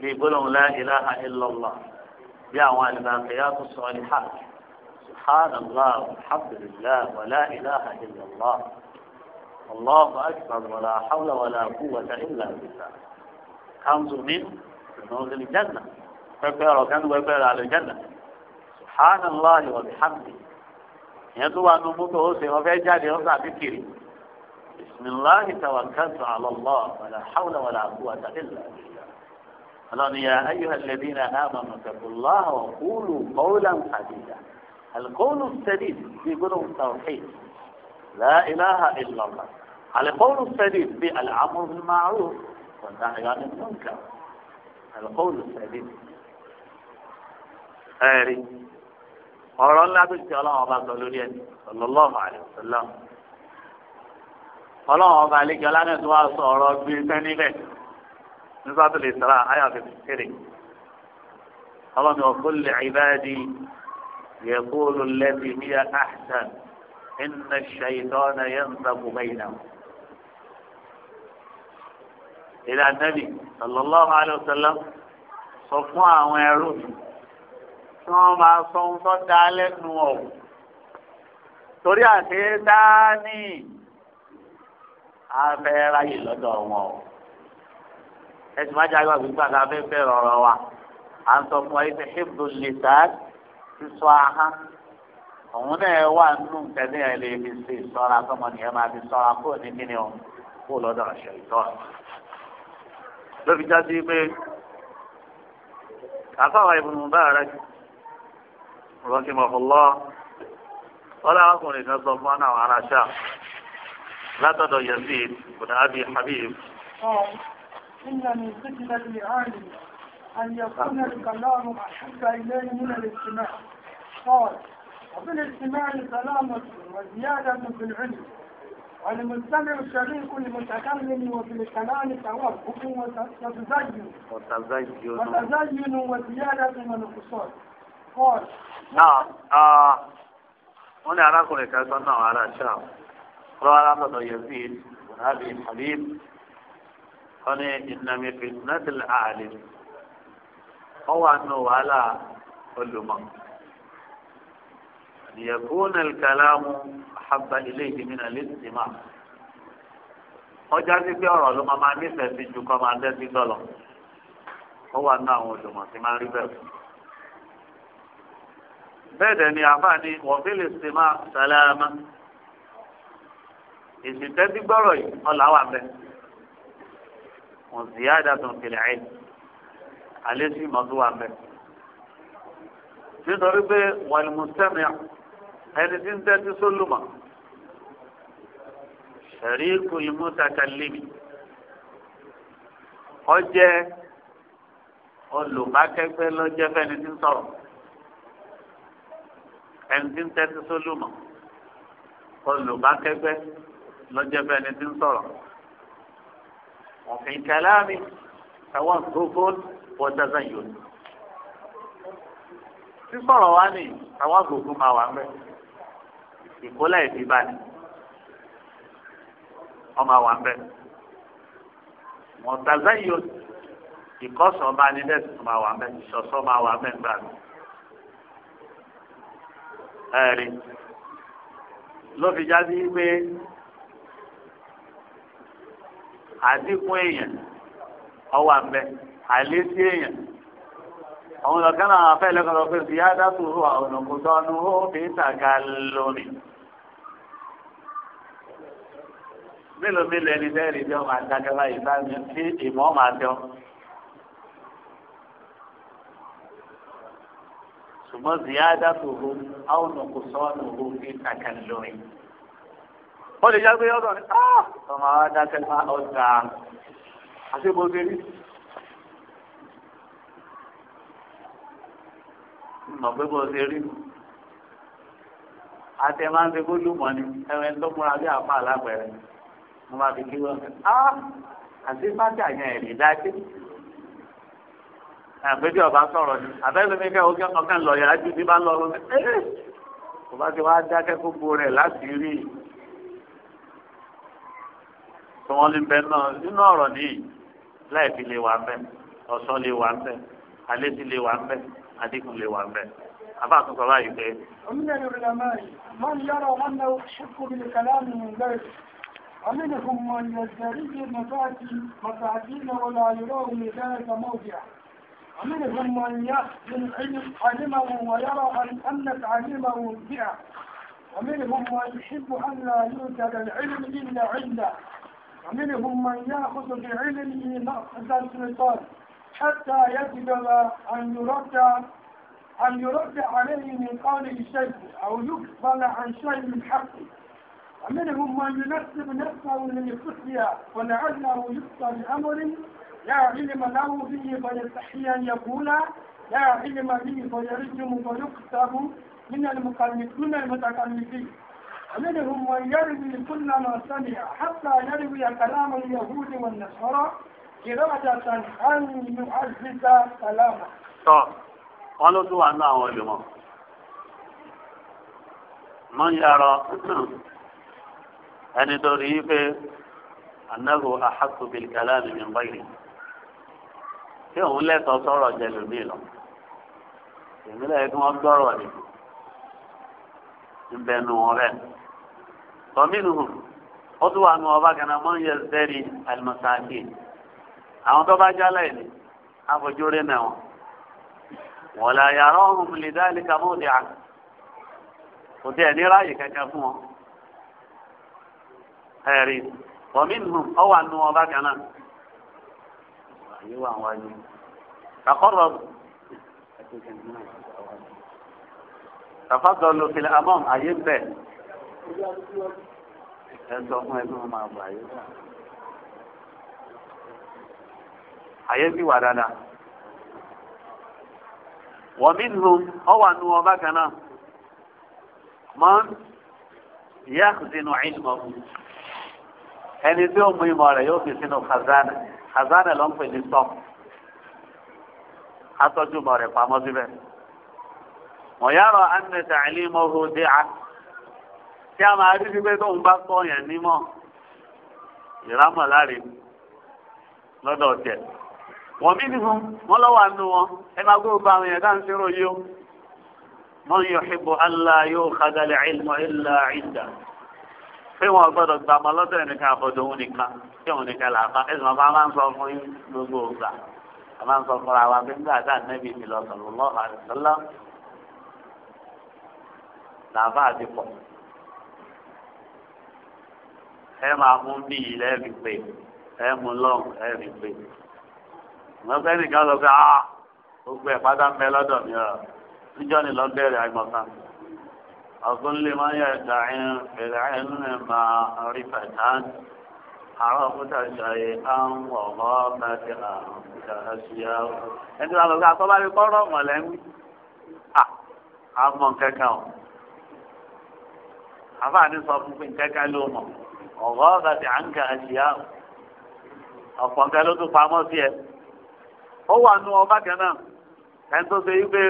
bí gbólóhùn la ilaha illallah bí àwọn àlùbáńkẹ́ yà tó sọ ní hàk subhanallah الله wa la ولا illallah allahu akbar wa la hawla wa la quwwata illa billah kanzu min nuzul janna pẹpẹ ọ̀rọ̀ kanzu pẹpẹ سبحان الله وبحمده يدوى نموته سيما في جاري وضع بكري بسم الله توكلت على الله ولا حول ولا قوة إلا بالله قالوا يا أيها الذين آمنوا اتقوا الله وقولوا قولا حديدا القول السديد في قلوب التوحيد لا إله إلا الله على قول السديد في العمر بالمعروف والنهي عن المنكر القول السديد أعرف ọ̀rọ̀ ńlá tó ti ọlọ́run ọba sọ lórí ẹni sallallahu alaihi wasallam ọlọ́run ọba àlejò alánà tó wá sọ ọ̀rọ̀ gbé sẹ́ni bẹ́ẹ̀ nígbà tó lè sara ayé àfẹ́fẹ́ kéré ọlọ́run wa kulli ibadi yaqulu allati hiya ahsan inna ash-shaytana yanzabu baynahum. ìlànà nàbì sallallahu alaihi wasallam sọ fún àwọn ẹrú mi kí wọ́n máa sọ ohun tó dá lẹ́nu ọ̀hún torí àti dání afẹ́ ráyè lọ́dọ̀ wọn o ẹsùn má jáde wà gbígbà tá a fẹ́ bẹ̀rẹ̀ ọ̀rọ̀ wa à ń sọ fún wa ife hebdo lisan sísọ ahán òun náà wà nínú tẹ́lẹ̀ ẹ̀ lè fi ṣe ìṣọ́ra tọmọ nìyẹn máa fi ṣọ́ra kó ní kíni o kó lọ́dọ̀ ṣe ìtọ́ ló fi já sí pé àfàwọn ìbùnú bá rẹ jù. رحمه الله ولا أكون arákùnrin kan sọ fún àwọn ará ṣáà látọ̀dọ̀ yazid bùnà abi habib. أن يكون الكلام أحب إليه من الاستماع قال وفي الاستماع سلامة وزيادة في العلم والمستمع شريك المتكلم وفي الكلام توافق وتزين وتزين وزيادة الخصال náà uh, wọ́n ní arákùnrin kan sọ náà ara ṣáà rọ arákùnrin yazid rabi habib wọ́n ní ìnàmì fitnatil alim wọ́n wà nù wàhálà olùmọ̀ liyakun alkalamu habba ilayhi min alistima ọjà sí pé ọ̀rọ̀ ló máa máa nífẹ̀ẹ́ sí ju kọ́ máa dẹ́sí dọ́lọ̀ ó wà nù bẹ́ẹ̀ dẹ̀ ni àbá ni wọ̀fíìlì sì máa sàlámà èsì tẹ́tí gbọ́rọ̀ yìí ọ̀là wà bẹ́ẹ̀ wọ́n sì yá dàtọ̀ nkìlẹ̀ ẹ̀ alẹ́ sì mọ́tò wà bẹ́ẹ̀ nítorí pé wàlùmùsẹ́mi ẹni tí ń tẹ́tí sólùmọ̀ ṣẹ̀rí kùlùmùsàkàlìmì ọjẹ́ olùbákẹ́gbẹ́ lọ́jẹ́ fẹ́ni tí ń sọ̀rọ̀ ẹni tí ń tẹ́tí sólùmọ̀ olùbákẹ́gbẹ́ lọ́jọ́ bẹ́ẹ̀ ni tí ń sọ̀rọ̀ òfin kẹlẹ́àmì ẹ̀wọ̀n gbogbo wọ́tẹ́sán yòó sísọ̀rọ̀ wá ní ẹ̀wọ̀n gbogbo máa wà mẹ́ ìkólẹ̀ ìdìbà ni ọmọ wà mẹ́ wọ́tẹ́sán yòó ìkọ́sọ̀ ọba ni bẹ́ẹ̀ máa wà mẹ́ ìṣọ̀ṣọ́ máa wà mẹ́ gbà ẹ̀rí ló fi jáde pé àdínkù èèyàn ọwọ́ àmbẹ àìlésí èèyàn àwọn ọ̀gá náà afẹ́ lẹ́kọ̀ọ́ pé ìyá dátù àwọn òkúta ọ̀nù ó fi ń tàga lónìí. mélòó mélòó ẹni bẹ́ẹ̀ rí bí ọmọ àtàkẹ́ báyìí bá tí ìmọ̀ ọmọ ọ. ṣùgbọ́n ziyada tó ho àwọn ọkọ sọ́ọ̀nù ho fi kàkà lórí. ó lè jágbé ọ̀dọ̀ ni ọmọ àwọn adákẹ́ máa ọ̀dà àti gbogbo rí. mọ̀ pé bó ṣe rí mu àti ẹ máa ń ṣe gbólúmọ̀ ni ẹ̀rẹ̀ tó múra bí àpá alágbẹ̀rẹ̀ mo máa fi kí wọ́n. Ah, àti bá jà yẹn ẹ̀ dájú àgbẹ̀bí ọba sọ̀rọ̀ ni àbẹ́lẹ́mi kẹ́ ọkẹ́ ọkẹ́ lọ yàrá ju bí bá lọ lọ kò bá ti wá dákẹ́ gbogbo rẹ̀ láti rí i tí wọ́n lè bẹ náà nínú ọ̀rọ̀ nìyí láìpẹ́ lè wà mbẹ́ ọ̀sán lè wà mbẹ́ alẹ́ ti lè wà mbẹ́ adínkù lè wà mbẹ́ àbá àtúntò báyìí pé. ọmọdé rẹ la yìí máa ń yára wọn náà ṣùkú kàlámù lẹ́yìn. ومنهم من يزدري مفاتي مفاتين ولا منهم من يأخذ العلم علمه ويرى أن أنك علمه بها ومنهم من يحب أن لا يوجد العلم إلا عنده ومنهم من يأخذ بعلمه نقص السلطان حتى يجب أن يرد أن يرد عليه من قوله شيء أو يقبل عن شيء من حقه ومنهم من ينسب نفسه للخفية ولعله يفتى بأمر لا علم له به فيستحي أن يقول لا علم به فيرجم فيكتب من المقلدون المتقلدين ومنهم من يروي كل ما سمع حتى يروي كلام اليهود والنصارى قراءة أن يعزز كلامه. طب قالوا تو عنا أول من يرى أن تريد أنه أحق بالكلام من غيره tí òun lẹ́tọ̀ọ́ sọ̀rọ̀ jẹ lómi lọ èmi náà kí wọ́n gbọ́rọ̀ ni ń bẹ nu wọn rẹ̀ tọ́mínú ó tún wà nu ọba kan náà mọ́ ń yẹ zẹ́rì alimọ́sáàkì àwọn tó bá jálẹ̀ ni àfojúrí náà wọn wọ́n lè yàrá ọ̀hún lè dá ilé kamọ́ òde àná kò tí ẹ̀ ní ráàyè kankan fún wọn ẹ̀rí tọ́mínú ó wà nu ọba kan náà àyè wà wájú kakọrọ tafasọ lòfin amọm àyè bẹ ẹ sọ fún ẹ bí wọn máa bọ àyè bẹ àyè bí wà dáadáa wọ́n mi tí ó mú ìmọ̀ rẹ̀ yóò fi sínú kazana hazana ló ń pè ní stop atọ́jú mọ̀ rẹ̀ pamọ́ síbẹ̀ wọ́n yàrá anẹ̀tẹ̀ àìlímọ́hó dé a tí a máa rí sí pé tóun bá kọ́ yẹn nímọ̀ ìrámọ̀ láre lọ́dọ̀ tẹ̀ wọ́n mí nìfún wọ́n lọ́wọ́ àánú wọn ẹ máa gbé gbogbo àwọn yẹn dá ń ṣe ròyìn o wọ́n yọ̀ ṣe allah yóò kadàlẹ̀ ilmọ̀ ilà ìdá pé wọn gbọ́dọ̀ gba ọmọ lọ́dọ̀ ẹnìkan àbọdọ òun nìkan tí òun nìkan là bá ẹsùn ọba máa ń sọ fún gbogbo ògbà a máa ń sọ fúnra wa pé nígbà tá ànábì ti lọ sọ̀rọ̀ lọ́wọ́ àdìsọ́lá làbá àti pọ̀ ẹ máa mú bí ilẹ̀ rí pé ẹ mú lọ́hùn ẹ pé wọn nìkan lọ pé ah gbogbo ẹ̀ pátá ń bẹ lọ́dọ̀ mi ọ̀ níjọ́ ni lọ́ọ́ bẹ̀rẹ̀ àìmọ̀kan. وكل ما يدعي في العلم معرفة عرفت شيئا وغابت كأشياء أنت على الله طبعا يقرأ ولا يقول آه عظم كاكاو àfààní sọ fún pé kẹ́kẹ́ ló mọ̀ ọ̀gá ọ̀gá ti à ń kà àṣìyá ọ̀pọ̀ nǹkan ló tún pamọ́ sí ẹ. ó wà nù ọba kan náà ẹni tó ṣe wípé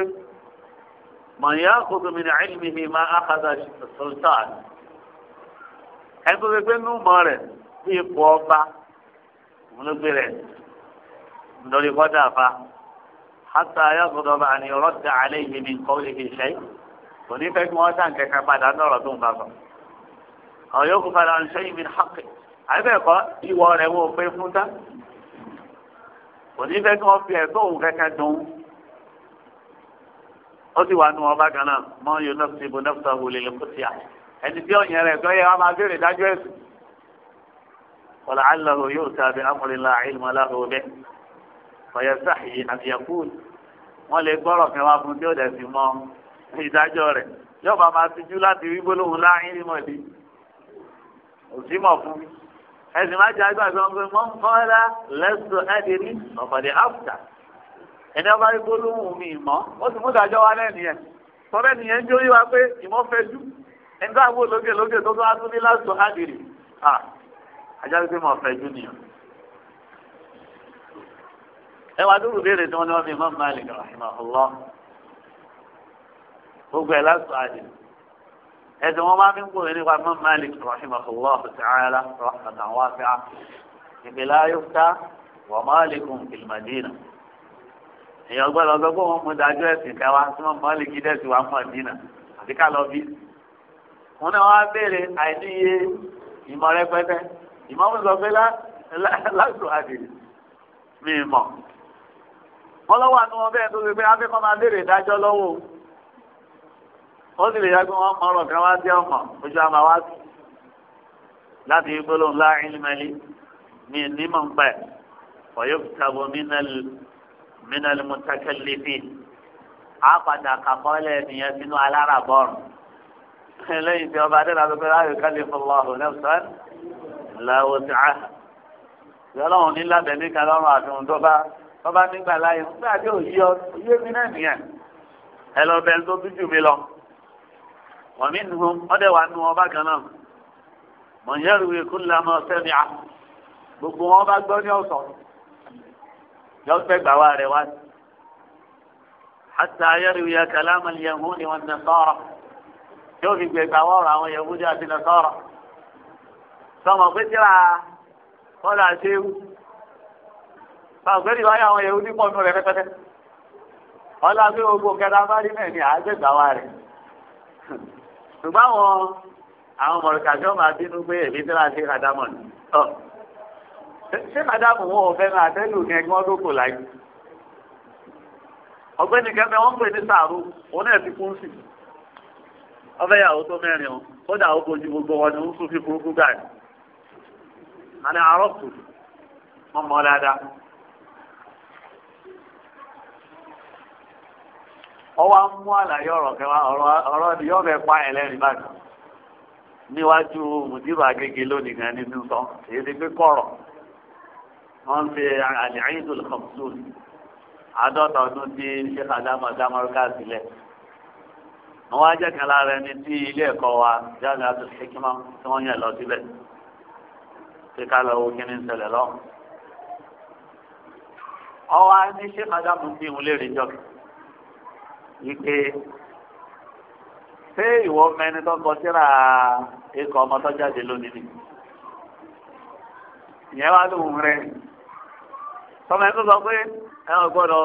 من يأخذ من علمه ما أخذ السلطان ẹni tó ṣe pé nù mọ rẹ bí ipò ọba òmùlógbé rẹ lórí kọjá fa hàtà ayáfọdọ bá ní rọdà alẹ yìí ní nǹkan lè fi ṣe kò ní fẹ́ kí wọn sàn kẹkẹ padà ní ọ̀rọ̀ tó ń bá sọ àwọn yòókù ó sì wà nù ọba kan náà mọ yóò náà ti bo nẹfùtà wò lè kó tíya ẹni tí ọ̀yàn rẹ̀ gbọ́ yẹ wọ́n máa béèrè dájú ẹ̀sùn. wọ́lá aláwo yóò tàbí amúlélá ìlmọ̀ aláwo bẹ́ẹ̀ ọ̀yẹ́ sáàyè àbíyẹ̀kú wọ́n lè gbọ́rọ̀ kan wá fún tí ó dẹ̀ sì mọ ìdájọ́ rẹ̀ yóò bá máa tijú láti rí gbólóhùn láàrin ìmọ̀ ìdí òsímọ̀ fún mi ẹ̀sìn má jẹ́ àgbà ẹni ọba rí gbólóhùn mi ìmọ̀ ó sì mú ìdájọ́ wa lẹ́nu yẹn sọ́dọ̀ ẹni yẹn ń jórí wa pé ìmọ̀ fẹ́ jù ẹni tó àgbo lókè lókè tó tó wá tún ní láti hádìrì à ajá pé mọ̀ fẹ́ jù nìyẹn. ẹ wá dúró béèrè tí wọ́n ní wọ́n fi mọ́ Malik rahimahullah gbogbo ẹ̀ láti hádìrì ẹsẹ̀ wọn bá fi ń kó ẹni wa mọ́ Malik rahimahullah ta'ala rahmatan wasi'a ìpìlẹ̀ ayọ́ta wa Malikun èèyàn gbọ́dọ̀ sọ pé wọ́n mú dájọ́ ẹ̀sìn kẹwàá tí wọ́n mọ́ lè kí dẹ́sì wá mọ̀ dínà àti ká lọ bí. wọn náà wá béèrè àìníye ìmọ̀ rẹpẹtẹ ìmọ̀ mi sọ pé lásù àdìrí mi mọ̀. wọ́n lọ́wọ́ àti wọn bẹ́ẹ̀ tó ṣe pé afẹ́kọ́ máa béèrè ìdájọ́ lọ́wọ́ ó sì lè yá pé wọ́n mọ ọ̀rọ̀ kan wá dé ọmọ ojú àmà láti gbólóhùn láàrin mẹ́lí mi ní mọ̀ min al-mutakallifin àpàdà kàkọ́lẹ̀ nìyẹn sínú alárabọ́ọ̀rù lẹ́yìn tí ọba adé làbẹ́ pé láyò kálí fọlọ́ ọ̀nẹ́sán làwọn ti á yọlọ́run ní lábẹ́lí kan lọ́rùn àfihàn tó bá tó bá nígbà láyé nígbà tí ò yí ọ yé mi náà nìyẹn ẹ lọ bẹ tó dújú mi lọ wọ́n mi nù ọdẹ wà nù ọba kan náà mọ̀nyẹ́rù ikú lamọ́ sẹ́mi à gbogbo wọn bá gbọ́ ní ọ̀sán jọ́fẹ́ gbà wá rẹ̀ wá sí. hasa ayẹ́rìí ya kàlámà yẹ̀hún ni wọ́n ti sọ̀rọ̀ yóò fi gbẹ̀gbà wọ́ọ̀rọ̀ àwọn yẹ̀hún ní àti sọ̀rọ̀. sọmọ pé tíra kọ́lá ṣéwú sàgbẹ́rì wáyé àwọn yẹ̀hún ní pọ̀nù rẹ̀ pẹ́pẹ́tẹ́. ọlá pé gbogbo kẹta bá rí náà ni àágbẹ̀gbà wá rẹ̀. ṣùgbọ́n àwọn àwọn mọ̀rùkàjọ́ máa bínú pé èmi tíra ṣe kàdámọ̀ ni. ṣé màdàmù wọn ò fẹ́ràn àtẹ́lù ní ẹgbẹ́ ọdún kò láyé ọ̀gbẹ́ni kẹfẹ wọn pè ní sàárù òun náà ti kún sí o kódà ó bojú gbogbo wọn ni ó sún fi burúkú gbà ní àná mọ dáadáa. ọwọ́ á mú àlàyé ọ̀rọ̀ ọ̀rọ̀ ni yóò fẹ́ pa ẹlẹ́rìí wọ́n fi àdìrídù kọ̀ọ̀tún àádọ́ta ọdún tí sheikh adamu adamarika sílẹ̀ wọ́n á jẹ́ kan lára ẹni tí ilé ẹ̀kọ́ wa jáde àti hikima tí wọ́n yàn lọ síbẹ̀ tí ká lọ wo kí ni ń ṣẹlẹ̀ lọ. ọwọ́ á ní sheikh adamu bí lè rí jọ wípé ṣé ìwọ mẹni tó síra ikọ̀ ọmọ tó lónìí ni ìyẹn wá lóhùn rẹ̀ tọ́mọ ẹ̀ tó sọ pé ẹ gbọ́dọ̀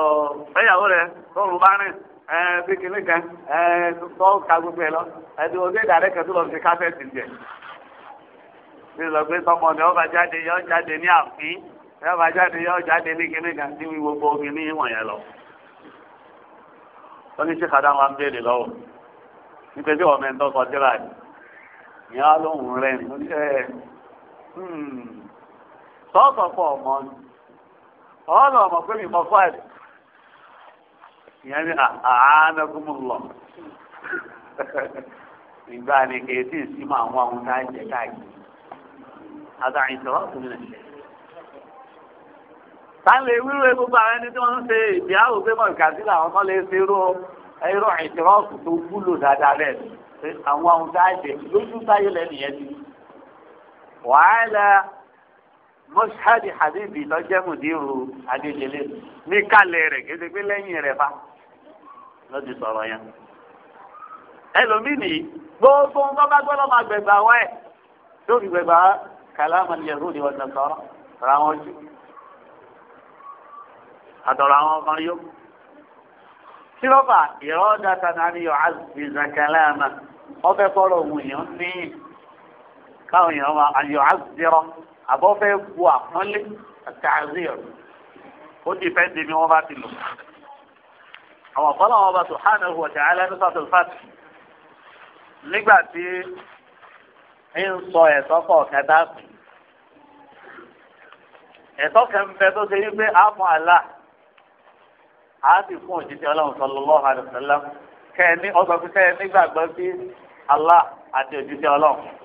fẹ́yàwó rẹ tó rù bá rìn ẹ bí kìnnì kan ẹ tó ka gbogbo ẹ lọ ẹdí ojú ìdàrẹ́ kan tó lọ sí káfẹ́ẹ̀tì jẹ. bí lọ pé tọmọ mi ọba jáde yọ jáde ní àfin ọba jáde yọ jáde ní kìnnì kan tí wí gbogbo obìnrin wọ̀nyẹn lọ. wọ́n ní sí kàdá wa ń béèrè lọ́wọ́ nípa tí wọ́n mẹ́ńtọ́ kọ síra rẹ̀ ìyá lóhùn rẹ̀ ní. sọ́ọ̀sọ̀ hmm, pọ̀ ọmọ ni. àwọn náà mọ̀ mi mọ fáìlì ni kì í sì sí mọ a jẹ káàkiri àtàyìn sọ̀rọ̀ tó ní nàìjíríà. táǹlẹ̀ wíwé gbogbo àwọn ẹni tí wọ́n ń ṣe ìgbéyàwó pé mọ̀ ìkàsí làwọn kan lè ṣe mọ́ṣáàdì habibi lọ́jẹ́ mùdírù adéjele ní kálẹ̀ rẹ̀ kéde pé lẹ́yìn rẹ̀ fa ló ti sọ̀rọ̀ yẹn. ẹlòmíì nìyí gbogbo ń bá gbọ́dọ̀ máa gbẹ̀gbà wá ẹ̀ lórí gbẹ̀gbà kàlámà yahudi wọn nà sọ̀rọ̀ ra wọn jù àtọ̀rọ̀ àwọn ọkùnrin yó. sílọ́fà ìrọ́dà tanani yọ̀ azùbí zakalama ọbẹ̀ kọ́rọ̀ òun yẹn ní káwọn èèyàn máa ayọ̀ àzìrọ̀ àbọ̀ fẹ́ bu àpọ́nlé àti àzìrọ̀ ó di fẹ́ di mi wọ́n bá ti lò. àwọn ọ̀pọ̀lọ́ wọn bá subhanahu wa ta'ala ní sọ́tún fàtì nígbà tí ń sọ ẹ̀tọ́ kọ̀ọ̀kan dáàbò ẹ̀tọ́ kan bẹ tó ṣe wípé a fún àlá a sì fún òjijì ọlọ́run sallallahu alaihi wasallam kẹ́ẹ̀ ní ọ̀sán fífẹ́ nígbàgbọ́ sí Allah àti òjijì ọlọ́run.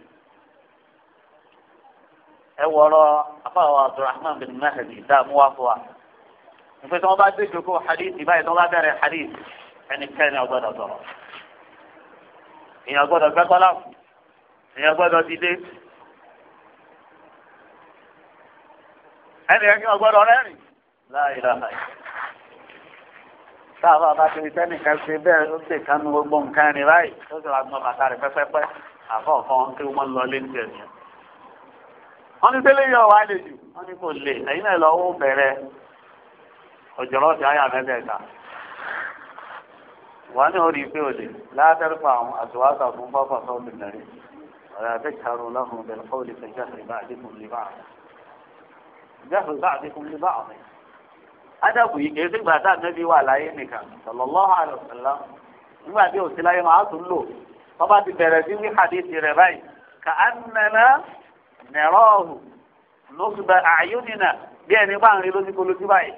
ẹ wọ̀rọ̀ afáwọn abdulrahman bin mahdi dààmú wa fún wa. nípa tí wọ́n bá dé ìjókòó hadith báyìí tí wọ́n bá bẹ̀rẹ̀ hadith ẹnikẹ́ni ọgbọ́dọ̀ sọ̀rọ̀. èèyàn gbọ́dọ̀ gbẹ́kọ́lá èèyàn gbọ́dọ̀ dìde. ẹnì kan gbọ́dọ̀ rẹ́rìn láìra láì. sábà bá ti rí sẹ́nìkan ṣe bẹ́ẹ̀ ó sì kánú gbogbo nǹkan rìn báyìí ó sì wá gbọ́n bàtà rẹ̀ pẹ́pẹ́pẹ́ àfọ̀fọ́n kí wọ́n lọ lé ní ẹ̀yìn wọ́n ní tẹ́lẹ̀ yọ wá lè jù wọ́n ní kò lè ẹ̀yin náà lọ́wọ́ bẹ̀rẹ̀ ọ̀jọ̀rọ̀ ti àyà mẹ́tẹ̀ẹ̀ta wọ́n ní orí pé òde látẹ́rùpá àwọn àtiwáṣà fún pápá sọ́ọ̀tì nàrí ọ̀rẹ́ àtẹ́kàrọ̀ lọ́hùn bẹ̀rẹ̀ fọ́ọ̀lì fẹ̀jáfẹ̀ bá àdékùn lè bá àwọn jáfẹ̀ bá àdékùn lè bá àwọn adabu yìí kì í sígbà tá ànábi wà láyé nìkan sallallahu alaihi nígbà tí òsì máa tún lò wọ́n bá ti bẹ̀rẹ̀ sí wí hadithi rẹ̀ báyìí kà á nana nẹ̀rọ́ọ̀hù lóṣùbà àyùnìnà bí ẹni bá ń rí lójú kolo sí báyìí.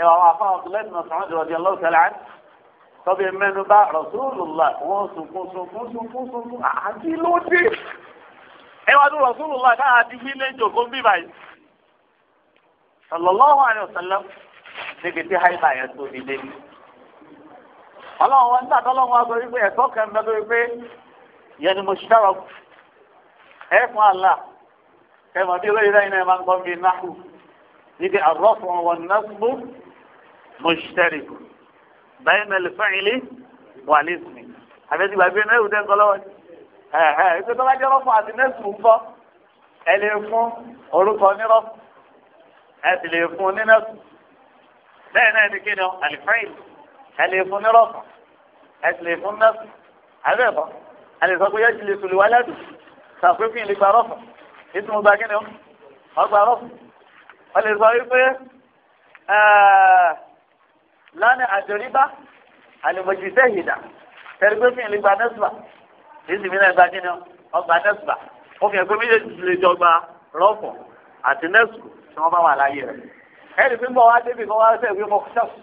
ẹ wà wà fún abdullahi bin sàmúd rọ̀dí ọlọ́wọ́ tọ́bi mẹ́nu bá rọ̀súlùlá wọ́n sunkún sunkún sunkún sunkún àti lóde. káà ti lé jòkó bí báyìí. dé ọlọ́run wọn ń wípé ẹ̀tọ́ ẹ fún àlá ẹ mọ̀ bí olóyè lẹ́yìn náà máa ń gbọ́n bíi náhù níbi àrọ́fọ̀ wọn náàbù mọ̀ṣítẹ́rì báyìí náà lè fẹ́ ilé wà lẹ́sìn àbẹ́tí gbàgbé náà ìwé tẹ́ńkọ́ lọ́wọ́ ẹ̀ẹ́ ìgbésọ́ bá jẹ́ rọ́fọ̀ àti nẹ́sùn ńkọ́ ẹ lè fún orúkọ nírọ́fọ̀ ẹ sì lè fún nínẹ́sùn bẹ́ẹ̀ náà ni kéde àlìfẹ́ tàfífìn lè gba rọ́ọ̀fù ètò mo gba kíni o wọ́n gba rọ́ọ̀fù wọ́n lè sọ wípé eh, lánàá àjọríbá àlùmọ̀jì sẹ́yìndà tẹ̀lifífìn lè gba nẹ́sùbà èsì mi náà gba kíni o wọ́n gba nẹ́sùbà ó fi hàn pé méjèèjì lè jọ gba rọ́ọ̀fù àti nẹ́sùbà tí wọ́n bá wà láyé rẹ̀ ẹ̀rì pé ń bọ̀ wá débi kan wá sẹ́yìn pé mo ṣọ́ọ̀ṣì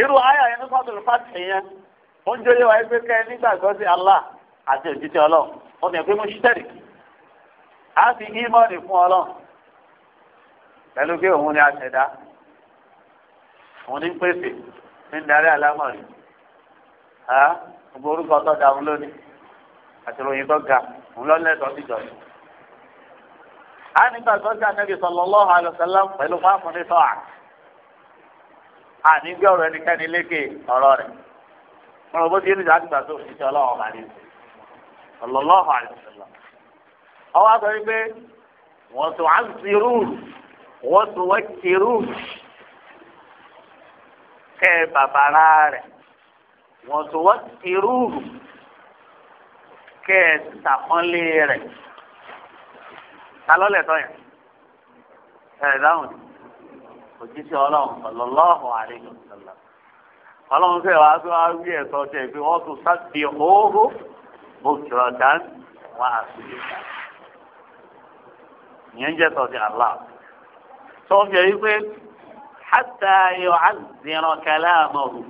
irú ayà yẹn ní fàtòlù fàtì yẹn wáyé pé kẹ́ nígbàgbọ́ sí Allah àti òjíṣẹ́ ọlọ́run ó ní ẹgbẹ́ mọ́ṣítẹ́rì á fi ímọ́ọ̀nì fún ọlọ́run pẹ̀lú pé òun ni aṣẹ̀dá òun ní pèsè ní darí àlámọ̀rí gbogbo orúkọ tó da òun lónìí àti ìròyìn tó ga òun lọ́lẹ́tọ̀ọ́ síjọ́ yìí a nígbà tó ń ká nẹ́bí sallallahu alaihi wasallam pẹ̀lú fáfún ní sọ́à àní gbé ọ̀rọ̀ ẹnikẹ́ni lékè ọ̀rọ̀ rẹ̀ mo rò bó ti rí ìdájúgbà tó fi ṣe ọlọ́run bá sallallahu alaihi wasallam ọwọ́ àtọ́ yìí pé wọ́n tún á zirú wọ́n tún wọ́n kiri kẹ́ bàbára rẹ̀ wọ́n tún wọ́n kiri kẹ́ sàkọ́lé rẹ̀ talọ́lẹ̀ tọ́ sallallahu alaihi wasallam ọlọ́run fẹ́ wàá tó wá wí ẹ̀sọ́ tẹ̀ pé wọ́n tún sábẹ̀ bókìrọ̀ dán wọn àṣìlè ìyẹn jẹ́ tọ́sí Allah tó ń hata wípé hàtà yọ àzìrán kẹlẹ́ àmọ̀rù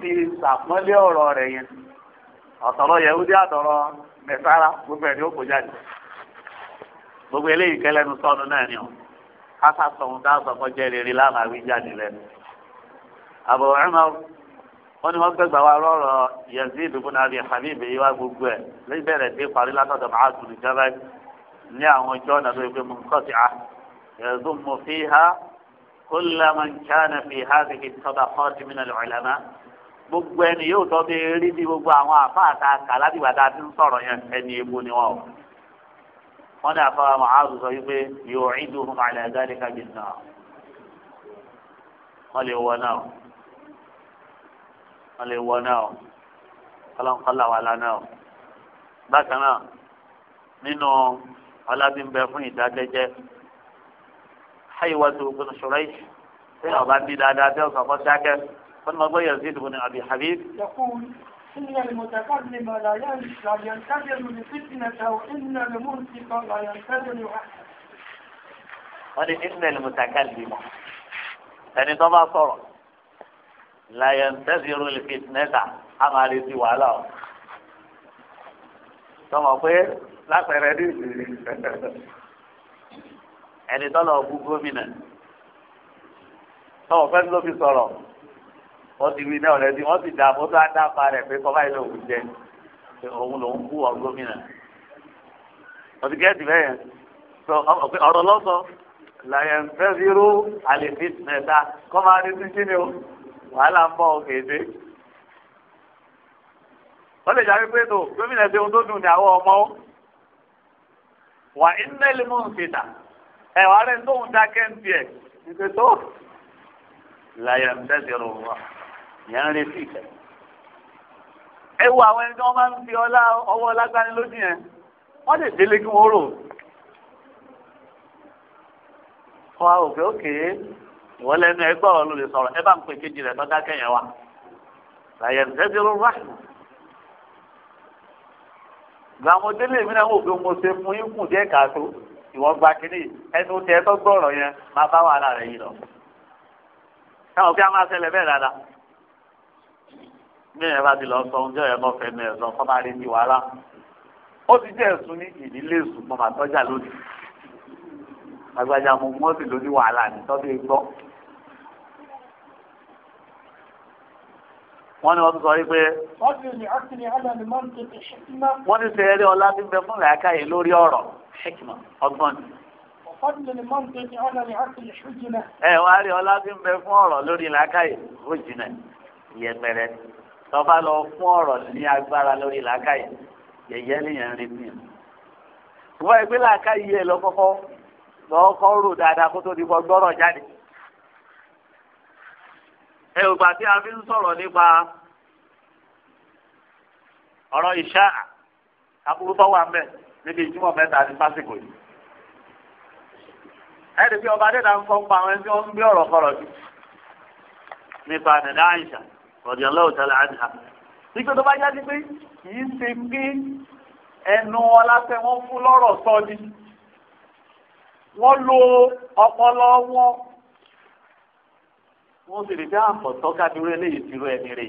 tí fi sàpọ́nlé ọ̀rọ̀ rẹ̀ yẹn ọ̀sọ̀rọ̀ yẹ̀wúdí àtọ̀rọ̀ gbogbo ó kó jáde gbogbo eléyìí náà ni ọ́ kásá sọ̀hún dáhùn wọ́n ní wọ́n gbẹ́gbà wa rọ́rọ̀ yazid ibùnà abi habib yìí wá gbogbo ẹ̀ lẹ́bẹ̀rẹ̀ dé parí látọ̀dọ̀ máa tù ní jábẹ́ ní àwọn ìjọ ọ̀nà tó yẹ pé mọ̀nkọ́sì á yẹ̀zú fi ha kó lẹ́mọ̀n kíánà fi ha ti tọ́ba kọ́ọ̀tì mí nàlẹ́ ọ̀lẹ́mà gbogbo ẹni yóò tọ́ bí rí bí gbogbo àwọn àfáàtà kàládìgbà tá a ti ń sọ̀rọ̀ yẹn ẹni ebu ni wọn o wọn ní àfa màálù sọ wípé yóò rí dùn fún àlẹ́ àdáríkà jìnnà wọn lè wọ náà wọn lè wọ náà o kọlọ́nkọ́lá wà lánàá o bákan náà nínú ọlábìnbẹ fún ìdákẹ́jẹ́ hayiwatu bin shuraish tí ọba bí dáadáa tí ọkọ̀ kọ́sákẹ́ fún mi gbọ́ yazid bin abi habib. إن المتكلم لا ينتظر لفتنة وإن المنطق لا ينتظر أحد. يعني طبعا صورة láyé ń tẹ́sí irú fitnẹ́sà á máa retí wàhálà o. sọmọ pé lápẹẹrẹ ní ẹni tọ́lọ̀ bú gómìnà tọ́wọ́ fẹ́ẹ́ ló fi sọ̀rọ̀ wọ́n ti wí náà lẹ́sìn wọ́n sì dá fótó àdáfà rẹ̀ pé kọ́ báyìí lòun jẹ òun lòun kú ọ gómìnà. òtí gẹ́ẹ̀tì bẹ́ẹ̀ sọ ọ̀rọ̀ lọ́sọ̀ láyé ń tẹ́sí irú àlè fitnẹ́sà kọ́ máa retí kí ni o wàhálà ń bọ̀ òkèèdè wọ́n lè jáwé pé tó gómìnà ṣe ohun tó dùn ní àwọn ọmọ ó wà iná ilé mú nkìtà ẹ wàá rẹ̀ tó ń dákẹ́ ń tiẹ̀ nígbè tó láyà ń tẹ̀sẹ̀ rò wá ìyá ń retí ìfẹ́. ẹ wo àwọn ẹni tí wọ́n máa ń fi ọwọ́ lágbáni lójú yẹn wọ́n lè délé kí wọ́n rò. wọ́n á òkè òkè ìwọ lẹ́nu ẹgbẹ́ ọ̀rọ̀ ló lè sọ̀rọ̀ ẹ bá ń pè kejì rẹ̀ lọ́dá kẹyìn wa làyẹ̀ ǹdẹ́bí ló rà. gbàmọ́ délé mi náà wò pé mo ṣe fún yín kù díẹ̀ káàtó ìwọ gba kínní ẹnu tẹ tó gbọ́rọ̀ yẹn máa bá wàhálà rẹ̀ yìí lọ. táwọn bí a máa ṣẹlẹ̀ bẹ́ẹ̀ dáadáa bí ẹ bá ti lọ sọ oúnjẹ yẹn lọ́fẹ̀ẹ́ mi ẹ̀sán kọ́ máa rí mi wàhálà ó ti wọ́n ní wọ́n tún sọ wípé. wọ́n ti sèré ọlá tí ń bẹ fún làákàyè lórí ọ̀rọ̀ ọgbọ́n ni. ẹ wá rí ọlá tí ń bẹ fún ọ̀rọ̀ lórí làákàyè ó jìnà yẹpẹrẹ tọ́ba lọ fún ọ̀rọ̀ ní agbára lórí làákàyè yẹ̀yẹ́ nìyẹn rí mi. wọ́n ìpínlẹ̀ àkáyé lọ kọ́kọ́ rò dáadáa kó tó di kọ́ gbọ́rọ̀ jáde ẹ ò gbà tí a fi ń sọ̀rọ̀ nípa ọ̀rọ̀ ìṣá aburú tó wà mẹ́ níbi ìjúmọ̀ mẹ́ta ní pásíkò yìí. ẹ̀ẹ́dì bí ọba adéta ń kọ́ ń pa àwọn ẹni tí wọ́n ń gbé ọ̀rọ̀ kọ̀rọ̀ sí nípa nàdá àìsà ọ̀dìyàn lọ́wọ́ tẹ́lẹ̀ àdìhà. tó bá jáde pé kì í ṣe pé ẹnu ọlásẹ wọn fún lọ́rọ̀ sọ ni wọ́n lo ọpọlọ wọn wọ́n sì rí bí àpọ̀tọ́ kádúró eléyìí ti rú ẹni rè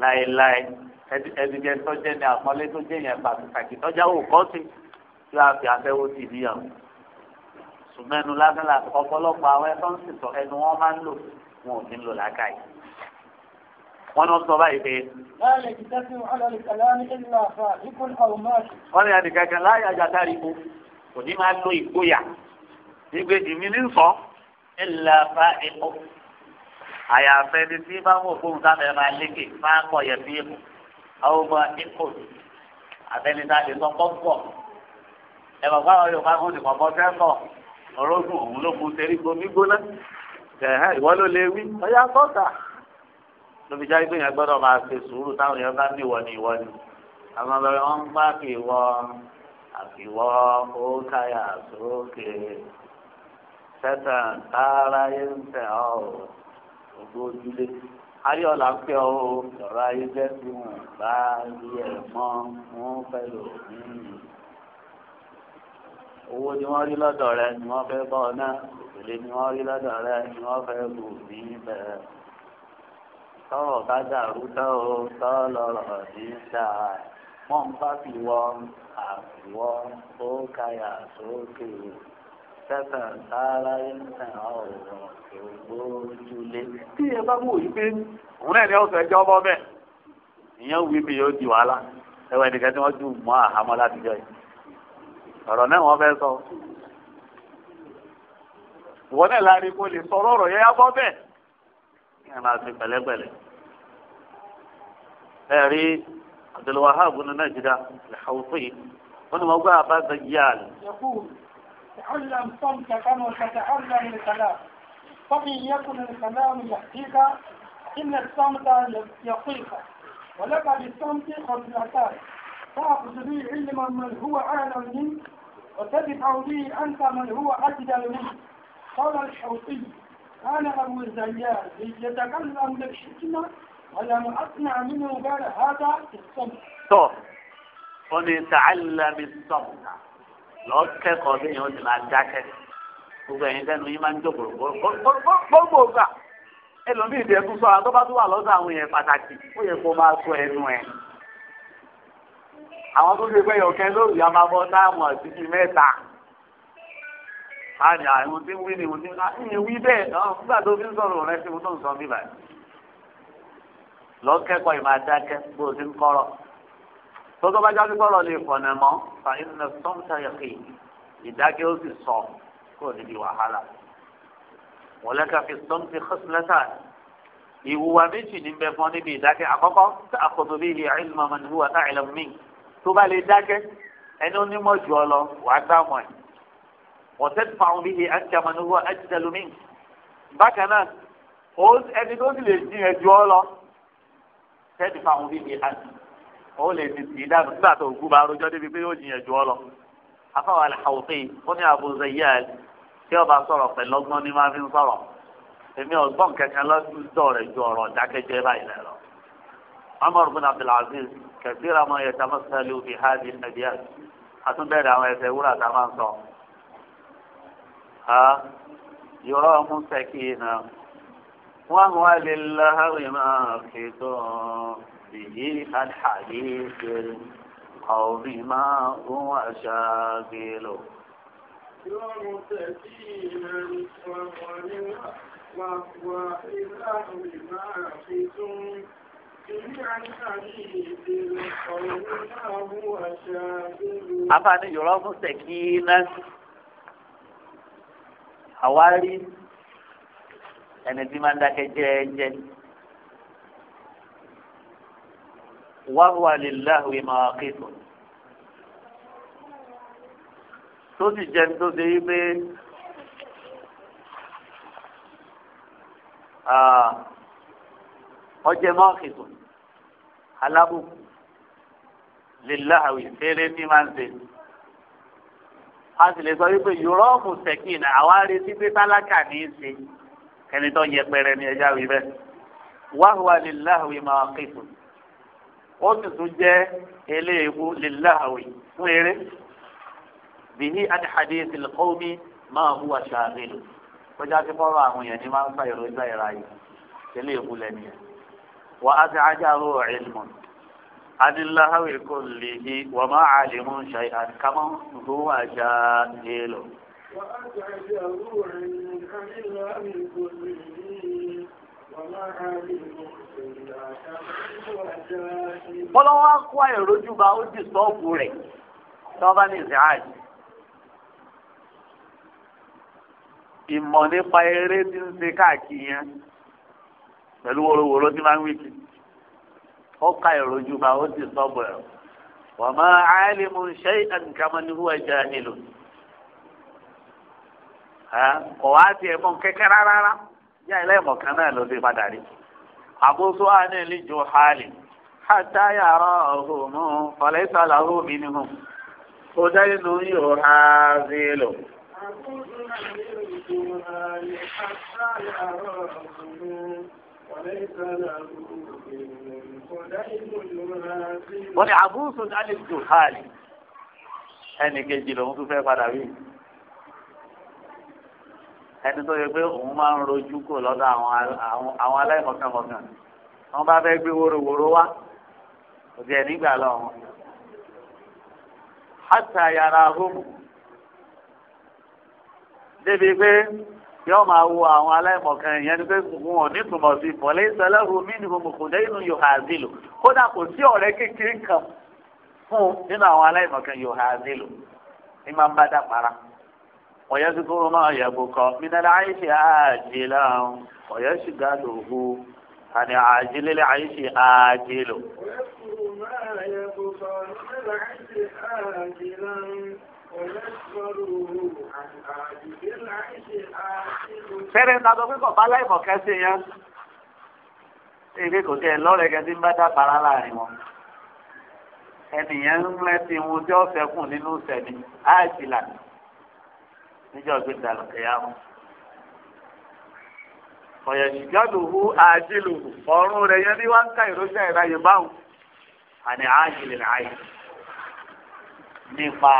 láéláé ẹdìjẹ tọ́jẹ́ ni àpọ́nlé tó jẹ́ yẹn pàtàkì tọ́jà wò kọ́ sí tí a fi afẹ́wó ti níyàwó ṣùgbọ́n lásán la ọ̀pọ̀lọpọ̀ àwọn ẹ̀fọ́ ń sìtọ̀ ẹnu wọn máa ń lò wọn ò ní lò lákàyè wọn ní wọn sọ báyìí pé. wọ́n ní adìgẹ́gẹ́ láyé ajá dárí kú kò ní máa lo ìgboyà ìgbèjì mi ní illa fa'iqu àyàfẹ́ ni tí bá wò fún sábẹ́ máa lékè máa kọ̀ yẹ bí ikú àwọn ọmọ ikú àtẹnidá lè sọ pọ́pọ́ ẹ̀rọ báwọn yorùbá kò ní pọ̀pọ́ sẹ́kọ̀ ọlọ́dún òun ló kun tẹ̀lé gbomi gbóná ẹ̀hẹ́ ìwọ ló lè wí ọ̀yá sọ́ọ̀tà lóbi jáde pé yẹn gbọ́dọ̀ máa ṣe sùúrù táwọn èèyàn bá ní ìwọ ni ìwọ ni àwọn ọmọ rẹ wọn ń bá kì í wọ ó káyà sókè tẹ́tà tààrà yé ń tẹ̀ ọ́ ògbó ojúlé ayọ̀lá ń pẹ́ ọ́ ọ̀rọ̀ ayé jẹ́ bí wọ́n bá rí ẹ̀ mọ́ wọ́n fẹ́ lò ní owó ni wọ́n rí lọ́dọ̀ rẹ ni wọ́n fẹ́ bọ́ ọ náà òṣèlè ni wọ́n rí lọ́dọ̀ rẹ ni wọ́n fẹ́ lò ní bẹ́ẹ̀ tọ́rọ̀ bá dàrú tán o tọ́lọ́rọ̀ ní dáa wọ́n bá fi wọ́n àfiwọ́ ó káyà sókè o tẹ́sán sáárá yẹ́sán ọ̀rọ̀ ìgbójúlé. tí ẹ bá wò yìí pé òun náà ní ọ̀sẹ̀ ẹjọ́ ọmọ bẹ́ẹ̀ ìyẹn wí mi yóò di wàhálà ẹwà ẹnìkan tí wọ́n dùn mọ́ àhámọ́ látijọ́ yìí ọ̀rọ̀ náà wọ́n fẹ́ sọ. ìwọ náà láàrin kó lè sọ̀rọ̀ ọ̀rọ̀ yẹn yábọ́ bẹ́ẹ̀ kí ẹ máa fi pẹ̀lẹ́pẹ̀lẹ́. ẹ rí Abdul nínú Nàìjíríà lẹ́hàwùsí wọn ni mo gbọ́ àbá تعلم فم وتتعلم الكلام فإن يكن الكلام يحكيك إن الصمت يقيك ولك بالصمت خصلتان تأخذ به علما من هو أعلم منك وتدفع به أنت من هو أجدل منك قال الحوثي أنا أبو الزيار يتكلم بالحكمة ولم أسمع منه قال هذا الصمت. ومن تعلم الصمت lọ́ọ́ kẹ́kọ̀ọ́ bí yẹn ó ti máa dákẹ́ gbogbo ẹ̀yin tẹ́nu yín máa ń jó gbogbo gbà ẹlòmíì dẹ̀ tún sọ àwọn tó bá tún wà lọ́sọ̀ àwọn yẹn pàtàkì ó yẹ kó máa sọ ẹnu ẹ̀ àwọn tó ṣe pé yọ̀kẹ́ lórí yà máa bọ́ táàmù àtìkì mẹ́ta àní àwọn tí ń wí ni mo ti ń ní wí bẹ́ẹ̀ nígbà tó fi ń sọ̀rọ̀ rẹ sí mo tó ń sọ mí báyìí lọ́ọ́ kẹ́kọ̀ọ́ ì tọ́tọ́ bá jáde gbọ́rọ̀ lè fọ̀nà mọ́ fàyín náà sọ́mùtà yàtì ìdákẹ́ ó sì sọ kó o níbi wàhálà. wọ́n lẹ́ka fi sọ́mùtì xọ́sílẹ́tà ìwùwà méjì ní bẹ fún níbi ìdákẹ́ àkọ́kọ́ tá a kò tóbi ilé ayélu mọ́mọ́ ní wà tá ìlọ mí tó bá lè dákẹ́ ẹni ó ní mọ́ jù ọ lọ wà á dáhùn ẹ̀. wọ́n tẹ́ fà wọn bí ilé àjàmọ́ ní wà ó lè fi tì í dànù nígbà tó gún bá rojọ́ débi pé yóò jiyàn jù ọ lọ. afáwọn alhàwùkì ó ní Abu Zayyad tí ọba sọ̀rọ̀ pẹ̀lú ọgbọ́n ní máa fi ń sọ̀rọ̀ èmi ọgbọ́n kankan lọ́dọ̀ rẹ̀ ju ọ̀rọ̀ dákẹ́jẹ́ báyìí lẹ̀ lọ. Umar bin Abdulaziz kẹsíra mọ ẹ̀ta mọ́sálí òbí hajj nàìjíríà àtúndẹ̀rẹ̀ àwọn ẹsẹ̀ wúrà tá a máa sọ. yọ̀rọ̀ mú sẹ́kì náà wọ́n wá lè láhàrin máa به الحديث القوم ما هو شاغل ومتكئا وهو في الأهل ماحس Afáàní yọ̀rọ̀ fún Sẹ̀kínà, àwárí ẹni tí máa ń dákẹ́ jẹ́ẹ́jẹ́. wáhùwà lè láhùwé máa kéèkó tó sì jẹ́ tó ṣe yí pé ọjẹ́ máa kéèkó alábùkù lè láhùwé fẹ́rẹ́ ní máa ń ṣe a sì lè sọ wípé yòrọ́ọ̀mù sẹ́kìn àwa retí pé tálákà ní í ṣe ẹni tó yẹpẹrẹ ní ẹja wí bẹ́ẹ̀ wáhùwà lè láhùwé ó sì tún jẹ́ eléewu liláhàwì fún eré bìhí adìhàdì tìlkọ́mi máa hu àṣàbẹ̀lò kọjá sí fọ́rọ̀ àwọn yẹn ní máa ń fa ìròyìn ìra yìí eléewu lẹ́nu yẹn wà á ti ajá ro ilmù adìláhàwì kò lè ní wà má àlèmú ṣe àkàmọ́ hu àṣàbẹ̀lò. وأتعجبوا عن الأمر كله وما علموا bọ́lọ́wọ́ á kó àìrójú bá ó dì sọ́ọ̀bù rẹ̀ tí wọ́n bá ní ìsìn àjì. ìmọ̀ nípa eré tí ń ṣe káàkiri yẹn pẹ̀lú worowóró tí máa ń wí ó ka ìrójú bá ó dì sọ́ọ̀bù rẹ̀ wa ma alimu shay'an kaman huwa jahilun kọ̀ wá tiẹ̀ mọ́ kẹ́kẹ́ rárá yá ilé kan náà ló ti padà rí àbúṣọ ànẹ́lì jù hàlì hàtà yàrá ọ̀hùnmú fọlẹ́sàlà ọ̀hùnmí nìhùn kó dáyé nù yóò ha zèlò. wọ́n ní àbúṣọ ànẹ́lì jù hàlì ẹnì kejì lòun tún fẹ́ padà rí i ẹni tó yẹ pé òun máa ń rojú kò lọ́dọ̀ àwọn aláìmọ̀kànmọ̀kàn wọn bá fẹ́ gbé worowóró wá òbí ẹ̀ nígbà lọ wọn. hátà yàrá hómù débi pé yóò máa wo àwọn aláìmọ̀kan ìyẹn ni pé wọn ò ní tùmọ̀ sí ìfọ̀lẹ́ ìsọlẹ́hu mínú mùkùndé inú yòhazìlù kódà kò sí ọ̀rẹ́ kékeré kan fún nínú àwọn aláìmọ̀kan yòhazìlù ní máa ń bá dà ويذكر ما يبقى من العيش آجلا ويشغله عن عاجل العيش آجل ويذكر ما يبقى من العيش آجلا Fẹ́rẹ̀ ń tàbí pípọ̀ bá láìmọ̀ kẹ́sì yẹn. Èdè kò tẹ̀ lọ́rẹ̀ gẹ́gẹ́ bá dàgbàrá láàrin wọn. Ẹnìyẹn ń lẹ́sìn ohun tí ó fẹ́kùn nínú sẹ̀mí, áìsì lànà níjọ́ gbé dàlù kẹyàmù. ọ̀yẹ̀dì jádùhù àjìlù ọ̀run rẹ̀ yẹn ní wá ń ká ìrọ́jà ìráyè báwò àní àjìlì ráyè nípa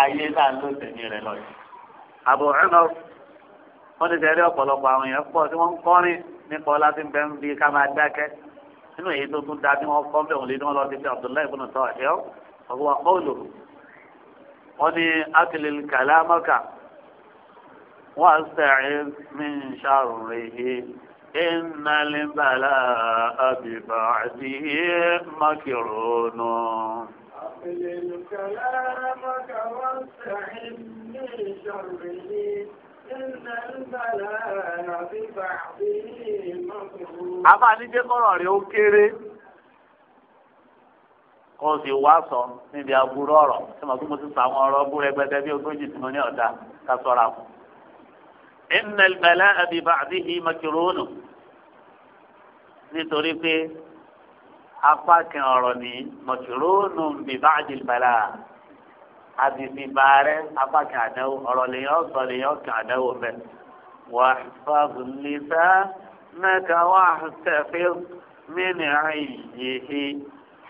ayé náà ló tẹ̀lé rẹ̀ lọ sí. àbò ẹ̀nà wọ́n ti tẹ̀lé ọ̀pọ̀lọpọ̀ àwọn èèyàn pọ̀ tí wọ́n ń kọ́rin nípa ọlá tí ń bẹ ń bí ká máa dákẹ́ nínú èyí tó tún da bí wọ́n kọ́ bẹ̀ wọ́n lé ní lọ sí Abdullahi ibùnú tọ́ واستعذ من شره إن البلاء ببعده مكرون أقلل كلامك واستعذ من شره Àbá ní jẹ́ kọ́rọ̀ rẹ̀ ó kéré. Kò sì wá sọ níbi aburú ọ̀rọ̀. Ṣé màá tó mo ti sọ àwọn ọ̀rọ̀ búrẹ́gbẹ́dẹ́ bí ogójì tí mo ní ọ̀dà ká sọ́ra fún. inna al-bala'a bi ba'dihi makrun nítorí pé apá kan ọ̀rọ̀ ní makrun bi ba'di al-bala'a àdìsí bàárẹ̀ apá kan àdáwò ọ̀rọ̀ lèyìn ọ̀sọ̀ lèyìn ọ̀kan àdáwò bẹ́ẹ̀ wà fàbùlìsà mẹ́ka wà tẹ̀fẹ́ mí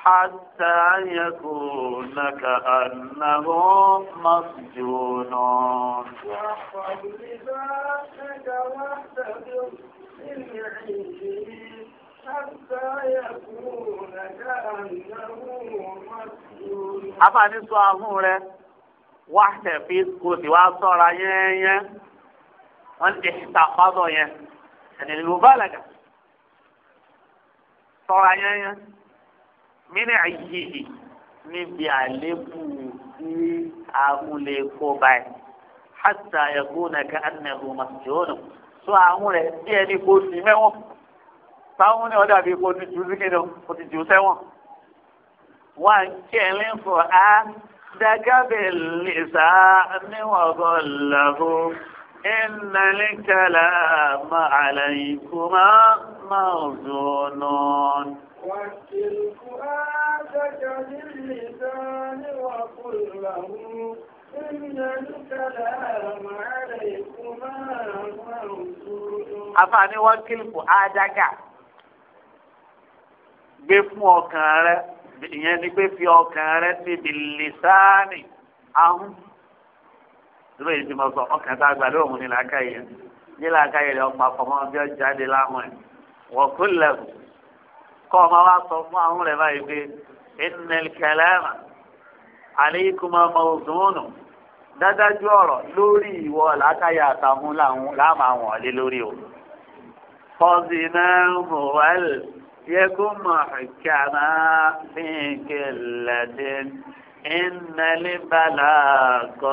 حتى يكون كأنه مسجون حتى يكون كأنه مسجون أفا نسوى أمور واحدة في سكوتي وأصور أيين أنت احتفظوا أيين يعني المبالغة صور أيين mínà yìí níbi àléébù tí amúlé kó báyìí hàtà ẹ̀kọ́ nàkà ànàbù màsíọ́nù tó àwọn rẹ̀ bí ẹni kó sí mẹ́wọ́n táwọn ní ọ̀dà bíi kó ti jù sí kíni kó ti jù sẹ́wọ̀n. wọ́n á kẹ́lẹ́ fọ́ á dàgàbẹ̀ lè sá níwọ̀gọ́ làbọ̀ ìnàlẹ́ kàlà máa àlàyé kùmà máa zùnú. وَكِّلْ فُؤَادَكَ بِاللِّسَانِ وَقُلْ لَهُ إِنَّ الْكَلَامَ عَلَيْكُمَا مَوْضُوعٌ Àfààní وَكِّلْ فُؤَادَكَ gbé fún ọkàn rẹ ìyẹn ni pé fi ọkàn rẹ síbi lìsáàni ahun ìlú èyí tí mo sọ ọkàn tá a gbà lóhùn ní làákàyè ní làákàyè rẹ bí ọjà dé láhùn ẹ̀ wọ́n kú lẹ́hùn kọ́ ọ máa wá sọ fún àwọn rẹ̀ báyìí pé innal kalama alaykuma mawdunun dádájú ọ̀rọ̀ lórí ìwọ làákàyà àtàwọn làwọn láàmà wọn lé lórí o. fọ́sì náà ń hù wẹ́lì yẹ kó mọ̀ kàmá fi kẹlẹ̀ dé. إن البلاغة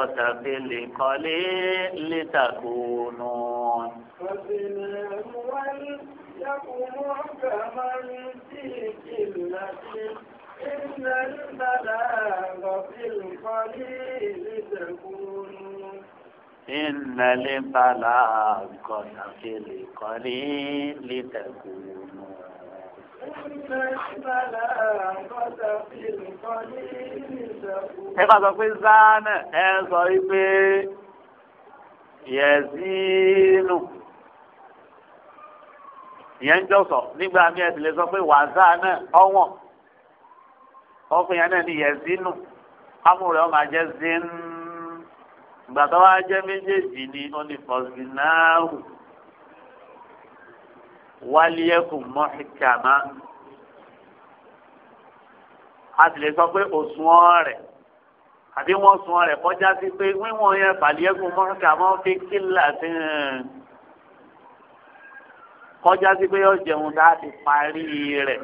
في القليل تكونون. يكن كمن في قلة إن البلاغ في القليل تكون إن البلاغ في القليل تكون Ẹ̀ka sọ pé Zánà ẹ sọ wípé Yẹ̀zínù ìyẹn ń jọ̀sọ̀ nígbà mí ẹ̀sìn lè sọ pé wàzà náà ọ̀wọ̀n ọkùnrin yẹn náà ni yẹ̀zínù amúrẹ̀ ọmọ ajẹ́ zin ìgbà tó wá jẹ́ méjèèjì ni ó ní fọ̀sínáàrù wálíẹ̀kùn mọ́ṣíkàmá a sì lè sọ pé òṣùwọ̀n rẹ̀ àbí wọ́n sun rẹ̀ kọjá sí pé wíwọ̀n yẹn fàlíẹ̀kùn mọ́ṣíkàmá fi kílà sí kọjá sí pé yóò jẹun tá a ti parí rẹ̀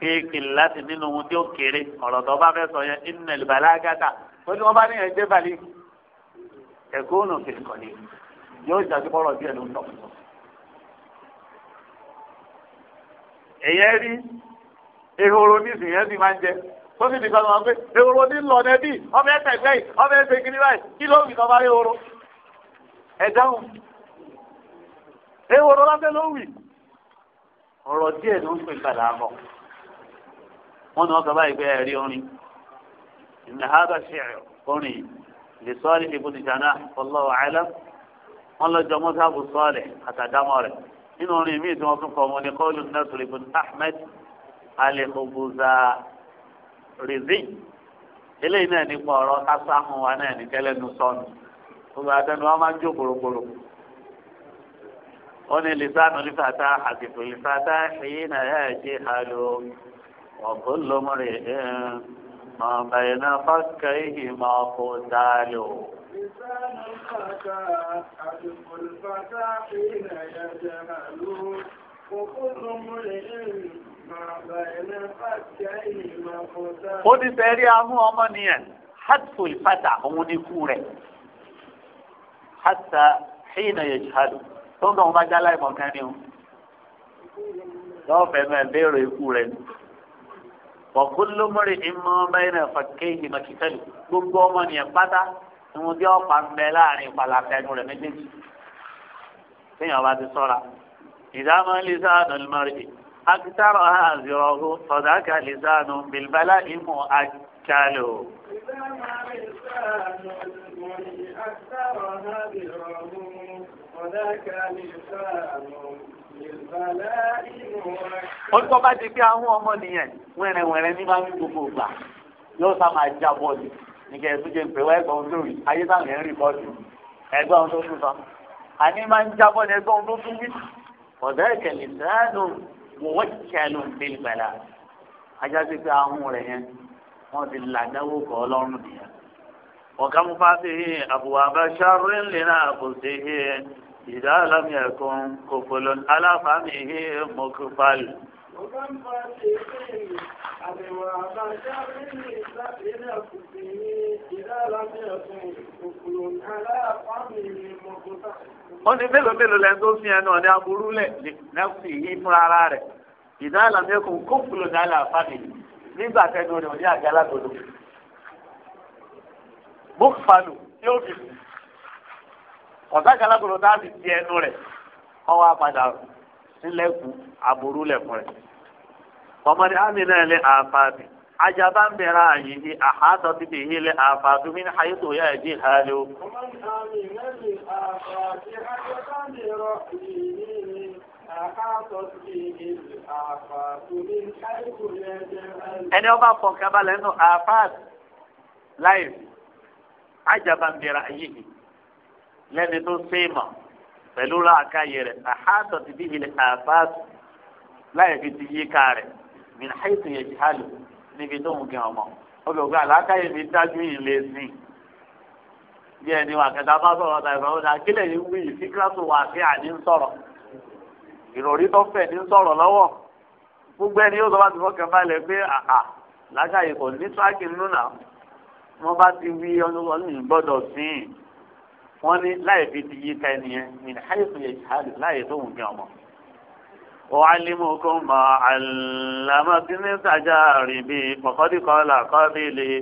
kéèké láti nínú ohun tí ó kéré ọ̀rọ̀ tó bá fẹ́ sọ yẹn inú ìbàlágàtà ó ní wọ́n bá níyẹn dé balẹ̀ ẹ̀kọ́ ònà kìrìkọ̀ ni yóò jà sí bọ́rọ̀ díẹ̀ ló ń tọ̀. èyẹ rí ehoro ní ìsìn yẹn sì máa ń jẹ tó sì dìgbà máa ń pè ehoro ní lọ nẹbí ọbẹ̀ ẹ̀tẹ̀gbẹ́ yìí ọbẹ̀ ẹ̀tẹ̀gbẹ́ yìí kí ló ń fi tọ́ bá ehoro ẹ̀ ehoro lásán ló wì ọ̀rọ̀ díẹ̀ ló ń pè padà bọ̀ wọ́n ní wọ́n sọ báyìí pé orin ìnáhàbà ṣẹ̀rẹ̀ orin lè sọ́ọ́lì ìbùdó jàǹdà ọlọ́wọ́ àìlá wọ́n lọ jọ mọ́sáàbù sọ́ọ̀lẹ̀ àtàdámọ́ rẹ̀ nínú orin míì tí wọ́n tún kọ́ wọn ní kọ́ọ̀lù nasiru ibùdó ahmed eléyìí náà nípa ọ̀rọ̀ kásáhùn wa náà ní kẹ́lẹ́nu gbogbo àtẹnu máa ń jó gbòrògbòrò ولي لسان لفتاحة في الفتاح حين يأتي حلو وكل مرئ ما بين فكيه ما قتال قد سيري أمو أمانيا حدث الفتح أمو نكوري حتى حين يجهلوا tó ń dọ̀wọ́n bá já láì mọ̀kàn ni o lọ́wọ́ fẹ́nu ẹ̀ léèrè ikú rẹ̀ ni bọ̀kú ló mọ̀rẹ̀ ìmọ̀ bẹ́ẹ̀ náà fàkẹ́ ìgbìmọ̀ kìtẹ́lì gbogbo ọmọ nìyẹn pátá ìwọ̀n tí ọ̀pá ń bẹ láàrin ìpàlàfẹ́ ẹnu rẹ̀ méjèèjì téèyàn bá ti sọ́ra ìdámọ́ lisanu lmọ́rì akitaro azirọ́hu sọ̀dáka lisanu bilbala imu akalo. ìdámọ́ lisanu lmọ́rì akitaro azirọ́hu wọ́n tó bá ti pé àwọn ọmọ nìyẹn wẹ́rẹ́wẹ́rẹ́ ní máa ń gbogbo gbà yóò sá máa já bọ́ọ̀lù nìkẹ́ ẹ̀sùn jẹ́ pé wọ́n ẹ̀gbọ́n ohun tó rí ayé sáà lè ń rí bọ́ọ̀lù ẹ̀gbọ́n ohun tó tún sọ àní máa ń já bọ́ọ̀lù ẹ̀gbọ́n ohun tó tún wí. ọ̀dọ́ ìkẹ̀lẹ̀ sáànù wọ́n kẹnu bílbẹ̀là ajá sí pé ahun rẹ̀ yẹn wọ́n ti làdáwó kọ́ ọlọ́run nìyẹn. ọ̀kàmúfà ìdá alámi ẹ̀kún kòfòlò aláfàámi ihe mokufal. wọ́n ní mélòó mélòó lẹ́nu tó fi ẹnu ọ̀nà aburú lẹ̀ nẹ́fì yìí fúnra ara rẹ̀ ìdá alámi ẹ̀kún kòfòlò aláfàámi nígbà tẹnu rẹ̀ ní àgàlagodo. mokufal yóò fi kù. ọ̀sán kan tá a ti di ẹnu rẹ̀ wọ́n wá padà sílẹ̀kùn àbúrú lẹ̀kùn rẹ̀. ọmọdé amina ilé àfààní ajaba ń bẹ̀rẹ̀ àyè ní àhátọ́ ti bèèrè ilé àfààní mi ní ayé tó yá ẹni ọba nù àfààní láì ajaba ń bẹ̀rẹ̀ àyè lẹ́ni tó séèmọ̀ pẹ̀lú làákàyè rẹ̀ àhátọ̀ ti bí ilẹ̀ àfáàtù láì fi ti yí ká rẹ̀ min haythu yajhalu níbi tó ń gẹ̀ ọmọ olùgbé àlàákàyè mi dájú ilé sí bí ẹni wà kẹta bá sọ̀rọ̀ ta ìfọwọ́ ta kílẹ̀ yìí wí ìfikirátù wà sí àní ń sọ̀rọ̀ ìròrí tó fẹ̀ ní ń sọ̀rọ̀ lọ́wọ́ gbogbo ẹni yóò sọ bá ti fọkàn balẹ̀ pé àhà làákàyè kò ní tíráàkì nínú náà wọ́n bá ti wí ọlọ́run gbọ́dọ̀ sí wọn ní láì fi ti yí ká nìyẹn ní àyèkò yẹ jihadi láì tó wùn ní ọmọ. وعلمكم ما علمتني تجاربي فقد قال قبلي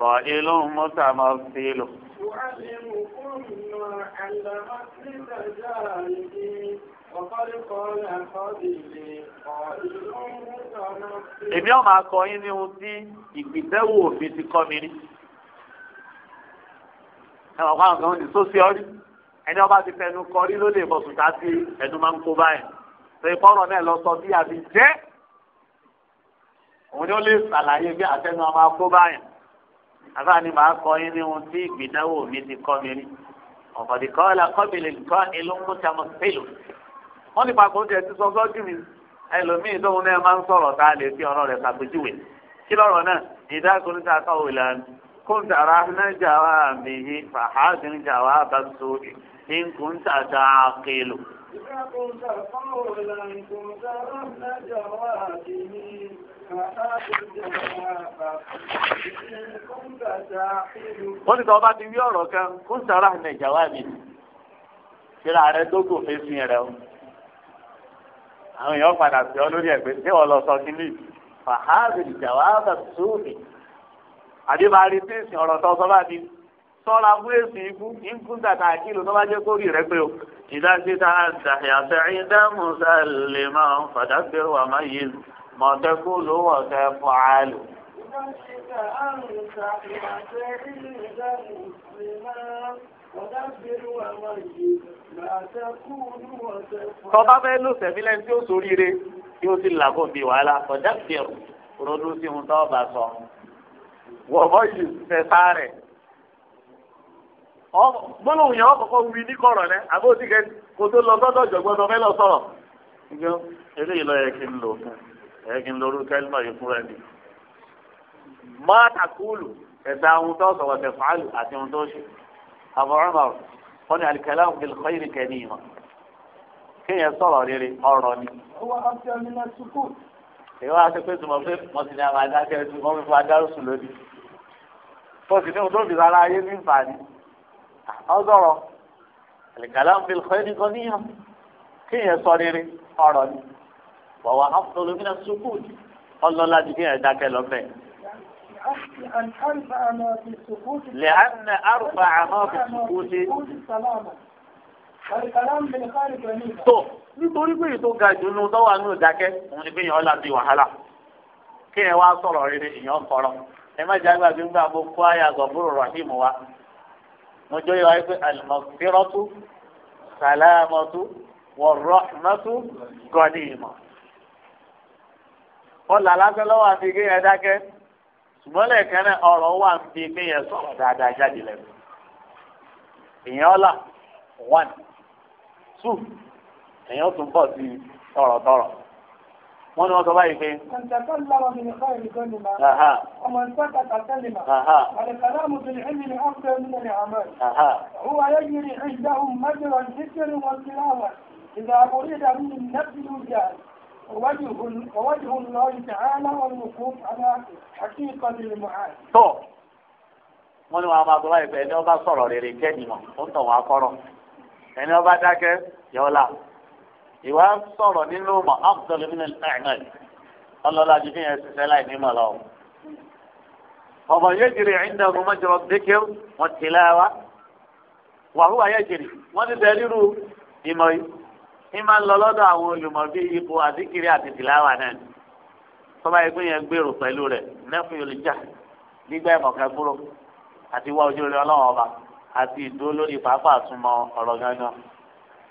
قائل متمثل أعلمكم ما علمتني تجاربي فقد قال قبلي قائل متمثل. èmi ọ̀ máa kọ yín ní ohun tí ìgbìtẹ́wò òfin ti kọ́ mi rí ẹwà kó àwọn kan ní sósì ọrí ẹni ọba ti fẹnu kọrí ló lè bọ̀sùn tá sí ẹnu máa ń kó báyìí ṣe kọ́rọ̀ náà lọ sọ bí àbí jẹ́ òun ni ó lè ṣàlàyé bí àtẹnu ọmọ akó báyìí àbá ni màá kọ yín ní ohun tí ìgbìnáwó mi ti kọ́ mi rí ọ̀pọ̀dì kọ́ọ̀lá kọ́bìlì nǹkan ìlú ń múta mọ́ sílù wọ́n ní papọ̀ oúnjẹ ti sọ sọ́jú mi ẹlòmíì lóhun náà máa ń sọ̀rọ̀ tá a lè fi ọ̀rọ̀ rẹ̀ ṣàpèjúwe kí lọ́rọ̀ náà ìdá كنت رحنا جوابه فحاضر جواب السوء إن كنت تعقل إذا كنت قولا كنت رحنا جوابه wọ́n ní tọ́ba ti wí ọ̀rọ̀ kan kó ń sara ní jàwáàbì síra rẹ dógò fèsì rẹ o àwọn èèyàn padà sí ọ lórí ẹgbẹ́ tí wọ́n lọ sọ kí ní fàhálì jàwáàbà sóòmì àbí máa rí sí ìsìn ọ̀rọ̀ tó sọ́ba bí sọ́ra fún èsì ikú ikú tàtà àkìlò tó bá jẹ́ kórì rẹ pé o. ìdájí ta àdàyà sẹ́yìn dáàmú sẹ́lẹ̀ máa ń fàdágbèrò àmáyé mọ̀tẹ́kù ló wọ̀ sẹ́ fọ́ àlù. tọ́ba fẹ́ lò sẹ́mi tí ó soríire tí ó ti làkó bí wàhálà fọ̀dágbèrò ronú sí ohun tó bá sọ wọ́n bọ́ yìí fẹ́ sáré gbọ́dọ̀ yẹn wọ́n kọ́kọ́ wí ní kọ̀rọ̀ rẹ àbótí kẹ kó tó lọ sọ́dọ̀ jọ̀gbọ́n tó fẹ́ lọ sọ̀rọ̀. eléyìí lọ yẹ kí n lò yẹ kí n lò orúkọ ẹlẹ́mọ̀ yìí fúnra ẹni. má takúlù ẹ̀dá ohun tó sọ̀rọ̀ tẹ̀ fàálù àti ohun tó ṣe. àbọ̀rọ̀mọ̀ wọn ni alikẹ́lá òkèlè kọ́ ìrìn kẹ́ níyìí mọ́. kéèyàn sọ̀rọ̀ rere ọ̀rọ̀ ni. ìwà àti ọ̀nìyàn sukùl. ìwà àti pé tùmọ̀ pé mọ̀ tó sì ní odó bìbá ara ayé ní nfààní ọgọrọ àlìkàlà ń bìlì fẹ́ẹ́ nìkan níyàn kéèyàn sọ rere ọ̀rọ̀ ni wàwà áfọlù mí náà sùkúù ọlọ́lá ju kéèyàn dákẹ́ lọ́fẹ̀. لأن أرفع ما في السكوت tó nítorí pé ètò ga jù nínú tọ́wọ́ àánú ìdákẹ́ òun ni kéèyàn ọ̀la bíi wàhálà kéèyàn wá sọ̀rọ̀ rere èèyàn kọ̀rọ̀ ẹ má jágbá bí ń bó kó àyà gọ̀fúrò rahim wa mo jọ yọ wáyé pé alimọ̀sirọ́tù sàlámọ̀tù wọ̀rọ̀mọ̀tù gọ̀nìmọ̀. ó là lásán lọ́wọ́ àti kéèyàn dákẹ́ ṣùgbọ́n lẹ́ẹ̀kan náà ọ̀rọ̀ wà ń bi kéèyàn sọ̀rọ̀ dáadáa jáde lẹ́nu. èèyàn ọ̀la one two èèyàn tún bọ̀ sí tọ̀rọ̀tọ̀rọ̀ wọ́n ní wọ́n sọ báyìí pé. إذا أريد من النفس الوجال ووجه ووجه الله تعالى والوقوف على حقيقة المعاد. wọ́n ní wọn a máa sọ báyìí pé ẹni ọba sọ̀rọ̀ rere kẹ́ni mọ̀ ó ń tàn wọ́n akọ́rọ̀ ẹni ọba dákẹ́ yọ̀ọ́ la. ìwà sọ̀rọ̀ nínú mọ̀ afdal min al-a'mal ọlọ́lá ju kí yẹn ṣiṣẹ́ láì ní mọ̀ lọ. ọmọ yóò jèrè ẹ̀ńdà ọmọ mọ́jọ́ dékèw wọ́n ti láwa yóò jèrè ti tẹ̀ rírú ìmọ̀ yìí. ìmọ̀ ń lọ lọ́dọ̀ àwọn olùmọ̀ bíi ipò àdìkiri àti tìláwà náà ni. tọ́ba ẹgbẹ́ yẹn gbèrò pẹ̀lú rẹ̀ nẹ́fù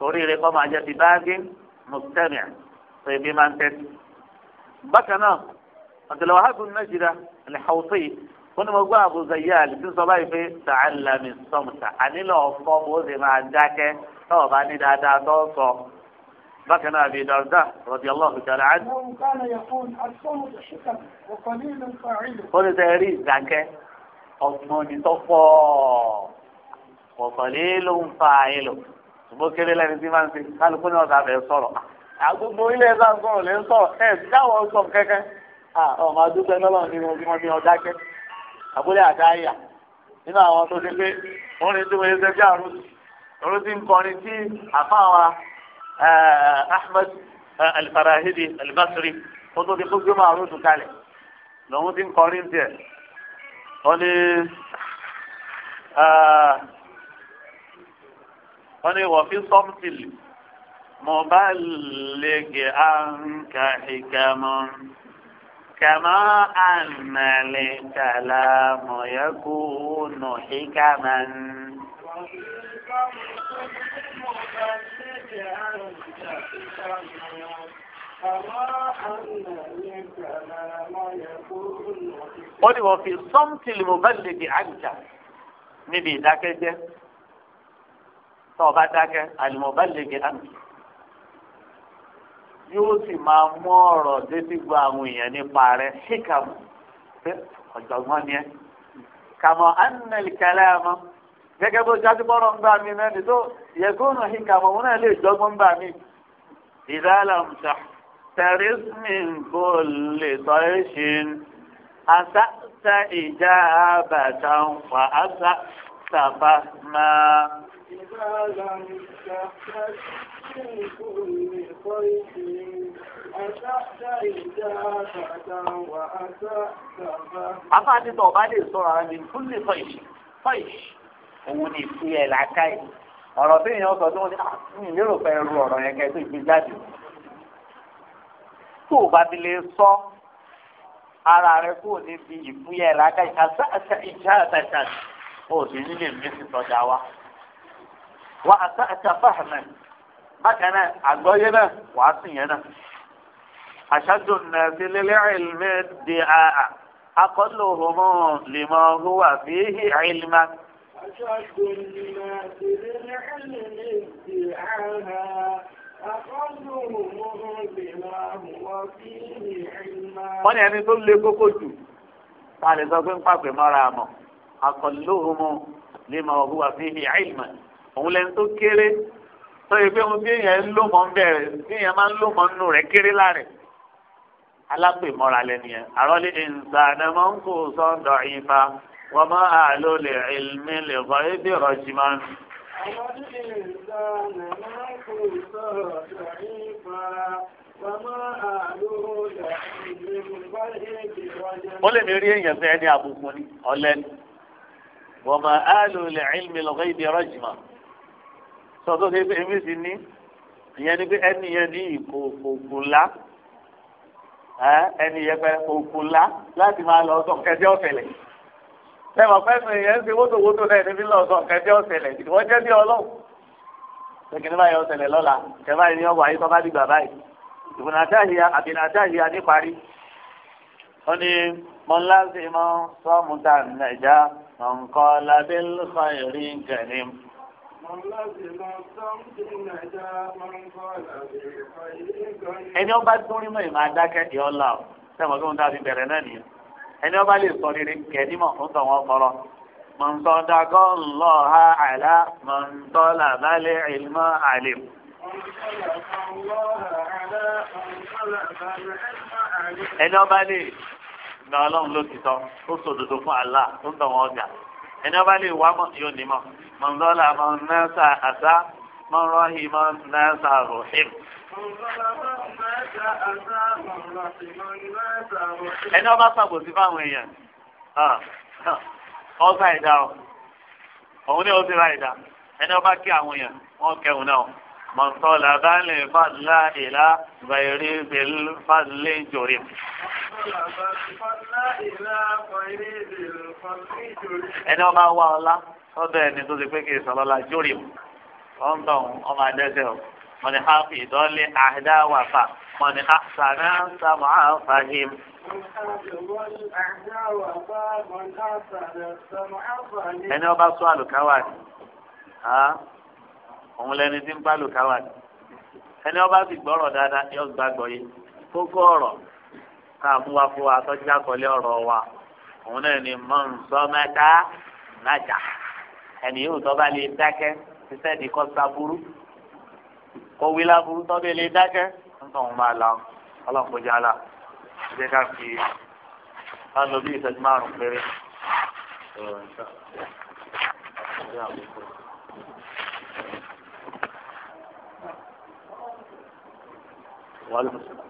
torí rẹ kọ́ máa jẹ́ ti báàgì mùsùlùmí tó ibi máa ń tẹ́sí. bákan náà ọ̀tẹ̀lẹ̀ wàhálà ní nàìjíríà ní hausi ó ní mo gbọ́ Abu Zayyal tí ń sọ báyìí pé ta'allami sọ́mùtà ànílò ọ̀fọ́ bó ṣe máa dákẹ́ náà bá ní dáadáa tó sọ. بكنا أبي درداء رضي الله تعالى عنه كان يقول الصمت شكر وقليل فاعله قل تهريز ذاك أصمني طفا وقليل فاعله ṣùgbọ́n kéré lẹ́ni tí máa ń ṣe kálukú ní ọ̀sà bẹ̀ sọ̀rọ̀ àgbogbo ilé ẹ̀sà sọ̀rọ̀ lè ń sọ̀rọ̀ ẹ̀ dáwọ̀ sọ̀ kẹ́kẹ́ ọmọ adúgbò ẹlọ́run ni wọ́n fi wọ́n fi ọjà kẹ́ àbúlé àdáyà nínú àwọn tó ti pé wọ́n ní tí wọ́n bí àrùn òun ti ń kọrin tí àfáwa Ahmed Al-Farahidi al tó ti kó gbé máa rúdù kalẹ̀ ti ń kọrin tiẹ̀ wọ́n ní wọ́n ní wọ́n fi sọ́mtìlì mo bá lè gé àǹkà ìkàmọ́ kàmá ànàlẹ́ kàlà mọ̀yẹ́kù nù ìkàmọ́. wọ́n ní wọ́n fi mo bá lè gé àǹkà níbi ìdákẹ́jẹ́ tó o bá dákẹ́ àlùmọ̀bá lè gé àmì yóò sì máa mú ọ̀rọ̀ débi gba àwọn èèyàn nípa rẹ̀ ṣíkàmù pé ọ̀jọ̀gbọ́n ni ẹ́ kàmọ́ ánìlì kẹlẹ́ ẹ̀ mọ́ gẹ́gẹ́ bó jáde bọ́rọ̀ ń gbà mí mẹ́rin tó yẹgónà ṣíkàmù òun náà lè jọgbọ́n gbà mí ìdálàmùsà tẹ̀rísìmì kò lè tọ́ ẹ ṣe àṣà ta ìjà àbàtà wà àṣà tàbá máa. إذا لم تحتج من كل خيط أسأت إجابة وأسأت Afáàdé tó ọba lè sọ̀rọ̀ àwọn ẹni fún lè fọyìí fọyìí òun ni ìfi ẹ̀ làákàyè ọ̀rọ̀ tí èèyàn sọ tó ń ní àtúnyìn ìlérò fẹ́ ru ọ̀rọ̀ yẹn kẹ́ tó gbé jáde. Tó o bá ti lè sọ ara rẹ kó o níbi ìfúyẹ́ làákàyè àti àṣà ìjà àtàtà o sì nílé mi sì sọjà wa wà á tẹ ẹtẹ fáhìmẹ bákan náà àgbọ́yé náà wà á sìn yẹn náà àṣàjò nàbí lélẹ́ ìlmẹ́ di àà akọ́lù òhùnmọ́ lèmọ́ hùwà fìhí ìlmà. àṣàjò nàbí lélẹ́ ìlmẹ́ di àà akọ́lù òhùnmọ́ lèmọ́ hùwà fìhí ìlmà. wọ́n ní ẹni tó lé kókó jù tá a lè sọ pé ń pàpè mọ́ra àmọ́ akọ́lù òhùnmọ́ lèmọ́ hùwà fìhí ìlmà òun lẹni tó kéré tó yẹ pé ohun tí èèyàn ń lò mọ́ ń bẹ̀rẹ̀ tí èèyàn máa ń lò mọ́ nù rẹ̀ kéré láàrẹ̀ alápèmọ́ra lẹni yẹn àròlé ìnsànàmọ́ ń kó sọ́ńdọ̀ ìfà wọ́n mọ́ àlọ́ lè ilmi lè kọ́ ebi rọ̀jìmọ́. ó lè mi rí èèyàn fẹ́ ẹni àbùkù ni ọ̀lẹ́ni wọ́n mọ́ àlọ́ lè ilmi lè kọ́ ebi rọ̀jìmọ́ sọ́tọ́ ní èmi sì ní ìyẹn ni pé ẹni yẹn ní ìkò òkú ńlá ẹni yẹn pẹ òkú ńlá láti máa lọ sọ kẹjẹ ọ̀sẹ̀lẹ̀ tẹmọ fẹsùn ìyẹn ń ṣe wótòwótò náà níbi lọ sọ kẹjẹ ọ̀sẹ̀lẹ̀ ìwọ jẹ bí Ọlọ́run lẹkìnní báyìí ọ̀sẹ̀lẹ̀ lọ́la kẹfà yìí ni ọwọ́ ayé tọ́ba dìgbà báyìí ìbùnà àtàhìyà àbìnà àtàhìyà níparí ẹni ọba dúnrín mọ̀ ìmọ̀ adákẹ́ di ọ̀la o sẹ́wọ̀n tó ń dá fi bẹ̀rẹ̀ náà nìyẹn ẹni ọba lè sọ rere kẹ́ni mọ̀ ń tọ̀ wọ́n kọ́rọ́ mọ̀ntọ́dàgọ́ ńlọ ha àlá mọ̀ntọ́là bálẹ̀ ìlmọ̀ àlèm. ẹni ọba lè nà ọlọ́run ló ti tọ́ ó sòdodo fún àlá tó ń tọ̀ wọ́n ọjà ẹni ọba lè wá mọ̀ yóò ní mọ̀ mọ̀nlọ́lá mọ̀nẹ́sà àṣà mọ̀nrọ́hì mọ̀nẹ́sà rọ̀hìm. ẹni ọba ṣàbòsí fáwọn èèyàn ọgbà ìdá ọ òun ní ó ti ra ìdá ẹni ọba kí àwọn èèyàn wọn kẹun náà mọ̀tọ́lá bá lè fàdúrà ìlà bẹ̀rẹ̀ bẹ̀rẹ̀ fàdúrà ìjòrè. ẹni ọba wá ọlá sọ́dọ̀ ẹni tó ti pé kì í sọ lọ́la jòrè wọ́n ń tàn ọmọ adẹ́sẹ̀ o wọ́n ní hafi ìdánlé àdá wàfà wọ́n ní àṣàná sàmà fàhìm. ẹni ọba sọ àlùkáwà ni òun lẹni tí ń bá lùkà wà ní ẹni ọba sì gbọ́rọ̀ dáadáa yọ gbàgbọ́ yìí kókó ọ̀rọ̀ ká mú wa fún wa tọ́jú àkọlé ọ̀rọ̀ wa òun náà ni mọ̀n sọ́mẹ́ta nàjà ẹni yóò tọ́ bá lè dákẹ́ ṣiṣẹ́ ní kọ́ sábúrú kó wí láburú tọ́ bẹ́ẹ̀ lè dákẹ́ nítorí òun máa la ọlọ́kùnrin ala ṣe ká fi ká bí ìṣẹ́jú márùn-ún péré. Yeah. وعليكم السلام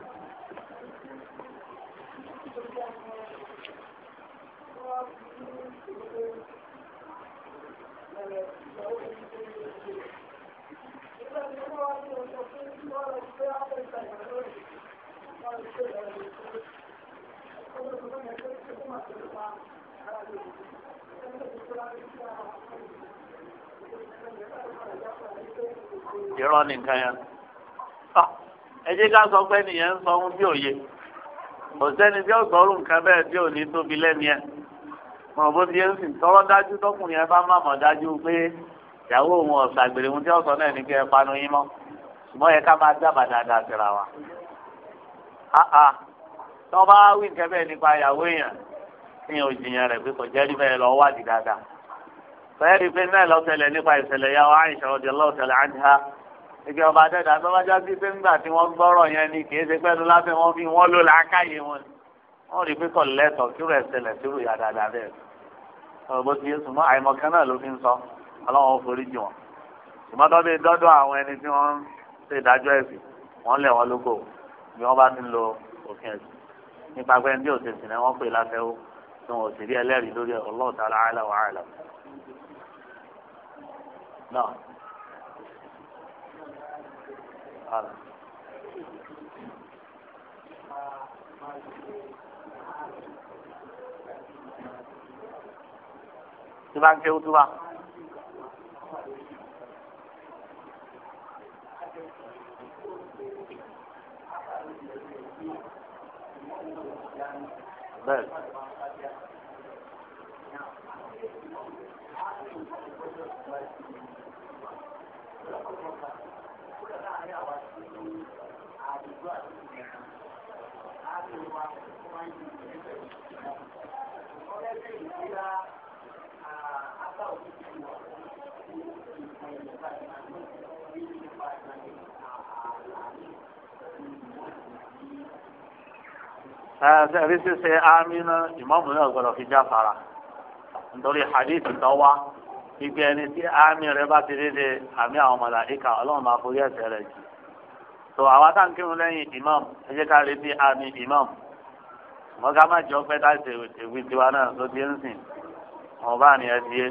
ìrọ́ nìkan yẹn ẹ jẹ́ ká sọ pé nìyẹn ń sọ ohun bí òye kò sẹ́ni tí ó gbọ́rù nǹkan bẹ́ẹ̀ tí ò ní tóbi lẹ́ni ẹ̀ mọ̀ bó ti ń sìn tọ́rọ́ dájú tọkùnrin ẹ bá má mọ̀ dájú pé ìyàwó òun ọ̀sà àgbèrè ohun tí ó sọ náà ní kí ẹ panu yín mọ́ ṣùgbọ́n yẹ ká máa dábàá dáadáa síra wa. tọ́ bá wí nǹkan bẹ́ẹ̀ nípa ìyàwó èèyàn ní òjìyàn rẹ̀ pé kò jẹ́rí bẹ́ẹ̀ lọ wádìí dáadáa. fẹ́ẹ́ rí pé náà lọ́sẹ̀lẹ̀ nípa ìṣẹ̀lẹ̀ yàwó àìsàn ọ̀dẹ̀ lọ́sẹ̀lẹ̀ àdìhá ìgbà ọba dẹ́dà tó bá jáde pé ńgbà tí wọ́n gbọ́rọ̀ yẹn ni kì í ṣe pẹ́ẹ́nu láti wọ́n fi wọ́n lò láákàyè wọn wọ́n rí pé kọ̀lẹ́tọ̀ kí rẹ̀ ṣẹlẹ̀ sí ròyà dáadáa bẹ́ẹ̀ ọ̀bọ̀ ti yéṣu mọ́ àìmọ̀ kan náà ló fi ń sọ ọlọ́wọ́n forí jì wọ́n ṣùgbọ́n tó bí dọ́dọ̀ àwọn ẹni tí wọ́n ń ṣe ìdájọ́ ẹ̀sìn wọ́n lẹ̀ wọ́n lóko Subhanallah. Tí bá ń kéwú tú bá. Bẹ́ẹ̀ni. ẹ̀ẹ́dẹ́gbẹ́ ṣíṣe amínú ìmáàmù náà gbọ́dọ̀ fi já fara nítorí hadith tó wá ibi ẹni tí àmì rẹ bá ti dédé àmì àwọn màláíkà ọlọ́run máa forí ẹ̀ṣẹ̀ rẹ̀ jì tó àwa tá lẹ́yìn imam ẹ jẹ́ ká retí àmì imam ṣùgbọ́n ká má jọ pé láti èwe tiwa náà ló dé ń sìn wọn bá ní ẹtì yé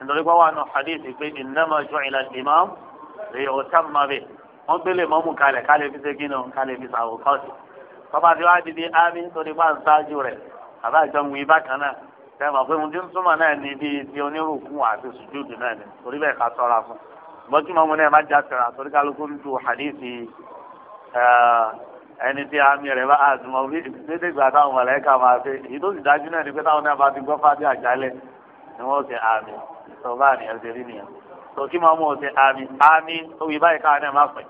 nítorí pé wà nù hadith pé innama ju'ila al-imam li yutamma bihi wọ́n gbélé mọ́mú kalẹ̀ ká lè fi ṣe kí ni ká tọ́ba tí wàá di bí ámì torí bá ń ṣáájú rẹ̀ àbá ìjọ ń wí bákan náà tẹ́ mọ̀ pé mo ti ń súnmọ̀ náà ní bí ti onírúkú àti sùjúdù náà ni torí bẹ́ẹ̀ ká sọ́ra fún bọ́jú mọ́mú náà má já sẹ̀ra torí kálukú ń du hadithi ẹni tí ámì rẹ̀ bá àdùnmọ̀ bí dédé gbà táwọn mọ̀lẹ́kà máa ṣe èyí sì dájú náà ni pé táwọn náà bá ti gbọ́ fábí àjálẹ̀ ni wọ́n ṣe ámì tọ́ba àníyàn ṣe rí tòkí mọ́mú ṣe ámì ámì ó báyìí káà náà má pẹ̀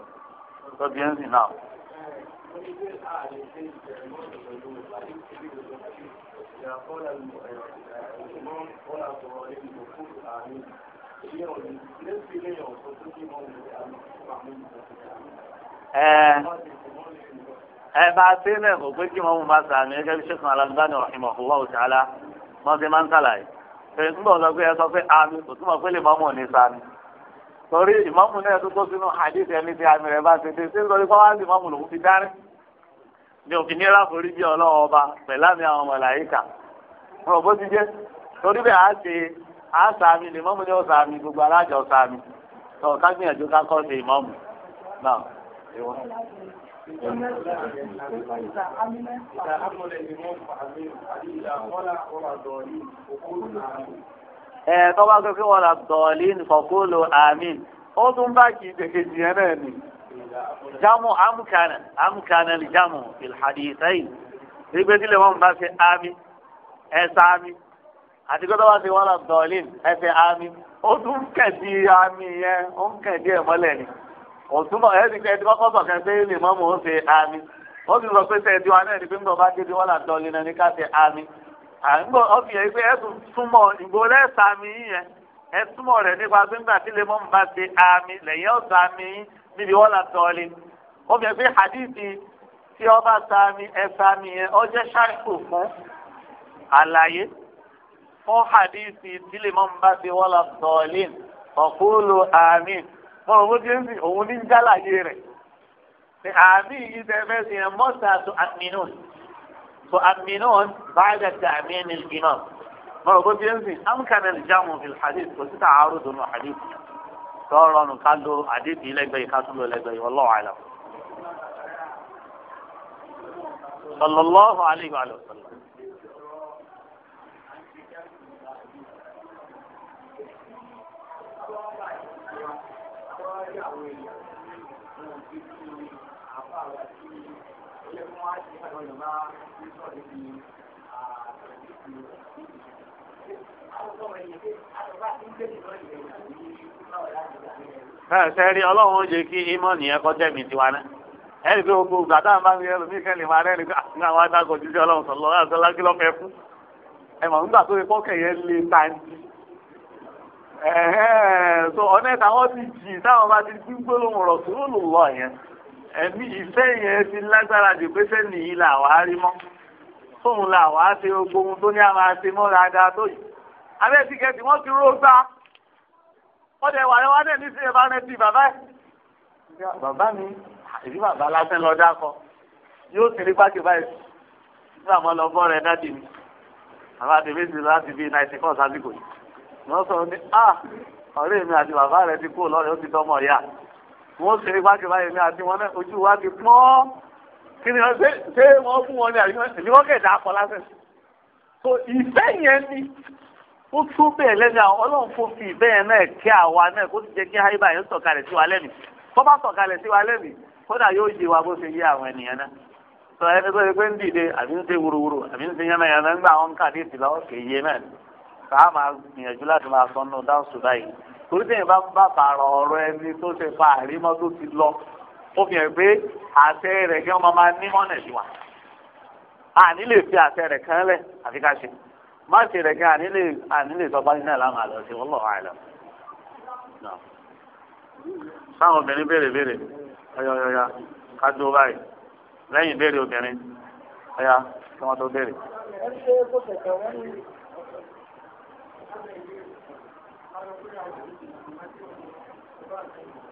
tó bí ẹ̀ ń sìn náà ẹ bá a ṣe náà kò pé kí wọn mú máa sàmì gẹ́gẹ́ bí sẹkùn alágbáni ọhìnmọ fúwọ òṣàlá wọn ti máa ń sàlàyé ẹ ń bọ̀ sọ pé ẹ sọ pé àmì kò túmọ̀ pé lè máa mọ̀ ní sàmì torí ìmáàmù náà tó kó sínú hadith ẹni tí àmì rẹ̀ bá ti dé sí nítorí pé wọ́n á sì máàmù lòún fi dárí ní òfin ní ráforí bí ọlọ́wọ́ ọba pẹ̀lú àmì àwọn màláíkà wọn ò bó ti jẹ́ torí bẹ́ẹ̀ á ṣe á sàmì ní ìmáàmù ní ọ̀sàmì gbogbo alájọ ọ̀sàmì tó ká gbìyànjú ká kọ́ ṣe ìmáàmù náà ìwọ. Ìgbà àkọlẹ̀ ni wọ́n fà á ní àdìyà wọ́n ẹ tọ́ba tó kí wọ́n la dọ̀ọ̀lì fọ̀kúlù àmín ó tún bá kì í tẹ̀kẹ̀jì yẹn náà ni jamu amukana amukana ni jamu ilhadithayi ìgbé tí lè wọ́n bá ṣe àmín ẹ̀sẹ̀ àmín àti kí tọ́ba ṣe wọ́n dọ̀ọ̀lì ẹ̀sẹ̀ àmín ó tún kẹ̀dí àmín yẹn ó ń kẹ̀dí ẹ̀ mọ́lẹ̀ ni òtúmọ̀ ẹ̀ ti kẹ́ ẹ ti kọ́kọ́ sọ̀kẹ́ pé lè mọ́ mò ń ṣe ó sì sọ pé sẹ́ẹ̀dí àgbọ ọbìyàn yìí pé ẹsùn túmọ̀ ìgbò lẹsà mi yẹn ẹsùmọ rẹ nípa gbẹngbà tí lè mọ nbà ṣe àmì lẹ́yìn ọsà mi níbi wọn là tọọlẹ ọbìyàn pé hadithi tí ọba sàmì ẹsà mi yẹn ọjẹ ṣàkóso fún àlàyé fún hadithi tí lè mọ nbà ṣe wọn là tọọlẹ ọkùnrin àmì mo rò wọ́n ń sìn òun ní jálàyé rẹ̀ àmì yìí tẹ́ fẹ́ sìn ẹ̀ mọ́tà tó àmì náà. تؤمنون بعد تأمين الإمام مربوط ينزل أمكن الجامع في الحديث وستعارض وحديث صار قال له حديث إليك بي خاتم إليك بي والله أعلم صلى الله عليه وعلى وسلم Thank you. bẹ́ẹ̀ sẹ́rí ọlọ́run ó jẹ́ kí ímọ̀nì yẹn kọjá mi tiwa náà ẹ̀rí pé gbogbo ìgbà táwọn bá ń yẹ lómi kẹ́lẹ̀ máa rẹ́rìn pé ah, àwọn àwọn adágún ojúṣe ọlọ́run sọ̀rọ̀ lọ́wọ́ àti fún ẹ mọ̀ nígbà tó lé ti jì táwọn fóun là wàá ṣe gbogbo ohun tó ní a máa ṣe mọ́ra dáa tó yìí abẹ́ ti kẹ́sì wọ́n ti ró gbá wọ́n tẹ wà lọ́wọ́ náà ní sí ẹ̀bá rẹ di bàbá ẹ̀. bàbá mi èyí bàbá lásán lọ dákọ yóò sì rí pákí báyìí nígbà mọ́ lọ bọ́ rẹ dáàdì mi bàbá tèmi sì láti bíi náìtì fọ́ sásìkò yìí wọ́n sọ ní à ọ̀rẹ́ mi àti bàbá rẹ ti kú lọ́rẹ̀ ó ti dọ́mọ̀ yá wọ́n sì rí pákí báyìí mi àti wọn náà ojú wa ti pọ́n kí ni wọ́n ṣe wọ́n fún wọn ní àbí wọ́n kẹ̀dá akọ lásán. so ìfẹ́ yẹn ni ó tún bẹ́ẹ̀ lẹ́nu àwọn ọlọ́run fún fi ìfẹ́ yẹn náà kí àwa náà kó ti jẹ́ kí àyíbá yẹn sọ̀kalẹ̀ sí wa lẹ́nu tó bá sọ̀kalẹ̀ sí wa lẹ́nu kódà yóò yé wa bó ṣe yé àwọn ènìyàn náà sọ ẹni tó ṣe pé ń dìde àbí ń ṣe wúruwúru àbí ń ṣe yánnayànna ń gbà wọn ká máa gbìyànjú láti máa ó fi hàn pé àṣẹ rẹ̀ kí wọ́n máa máa ní mọ́nà sí wa àní lè fi àṣẹ rẹ̀ kan lẹ̀ àfi ká ṣe má ṣe rẹ̀ kan àní lè àní lè sọ báyìí náà láwọn àlọ́ sí wallahu a'lam. sáwọn obìnrin béèrè béèrè ọyọyọya ká dúró báyìí lẹ́yìn béèrè obìnrin ọyá kí wọ́n tó béèrè. Thank you.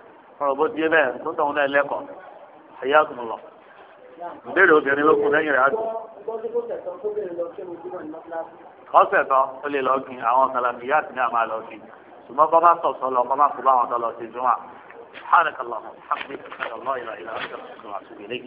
ọ̀rọ̀ bó di bẹ́ẹ̀ tó tọ̀hún náà lẹ́kọ̀ọ́ ẹ̀yà àtùmọ̀ lọ. ìbéèrè obìnrin ló kù lẹ́yìn rẹ̀ á dùn. ọ̀sẹ̀ tán ó lè lọ gbin àwọn sàlàmìyá àti ní àmà lọ gbin ṣùgbọ́n kọ́ bá sọ̀sọ́ lọ kọ́ bá kó bá àwọn tó lọ sí jùmọ̀. سبحانك اللهم وبحمدك اشهد ان لا اله الا انت استغفرك واتوب اليك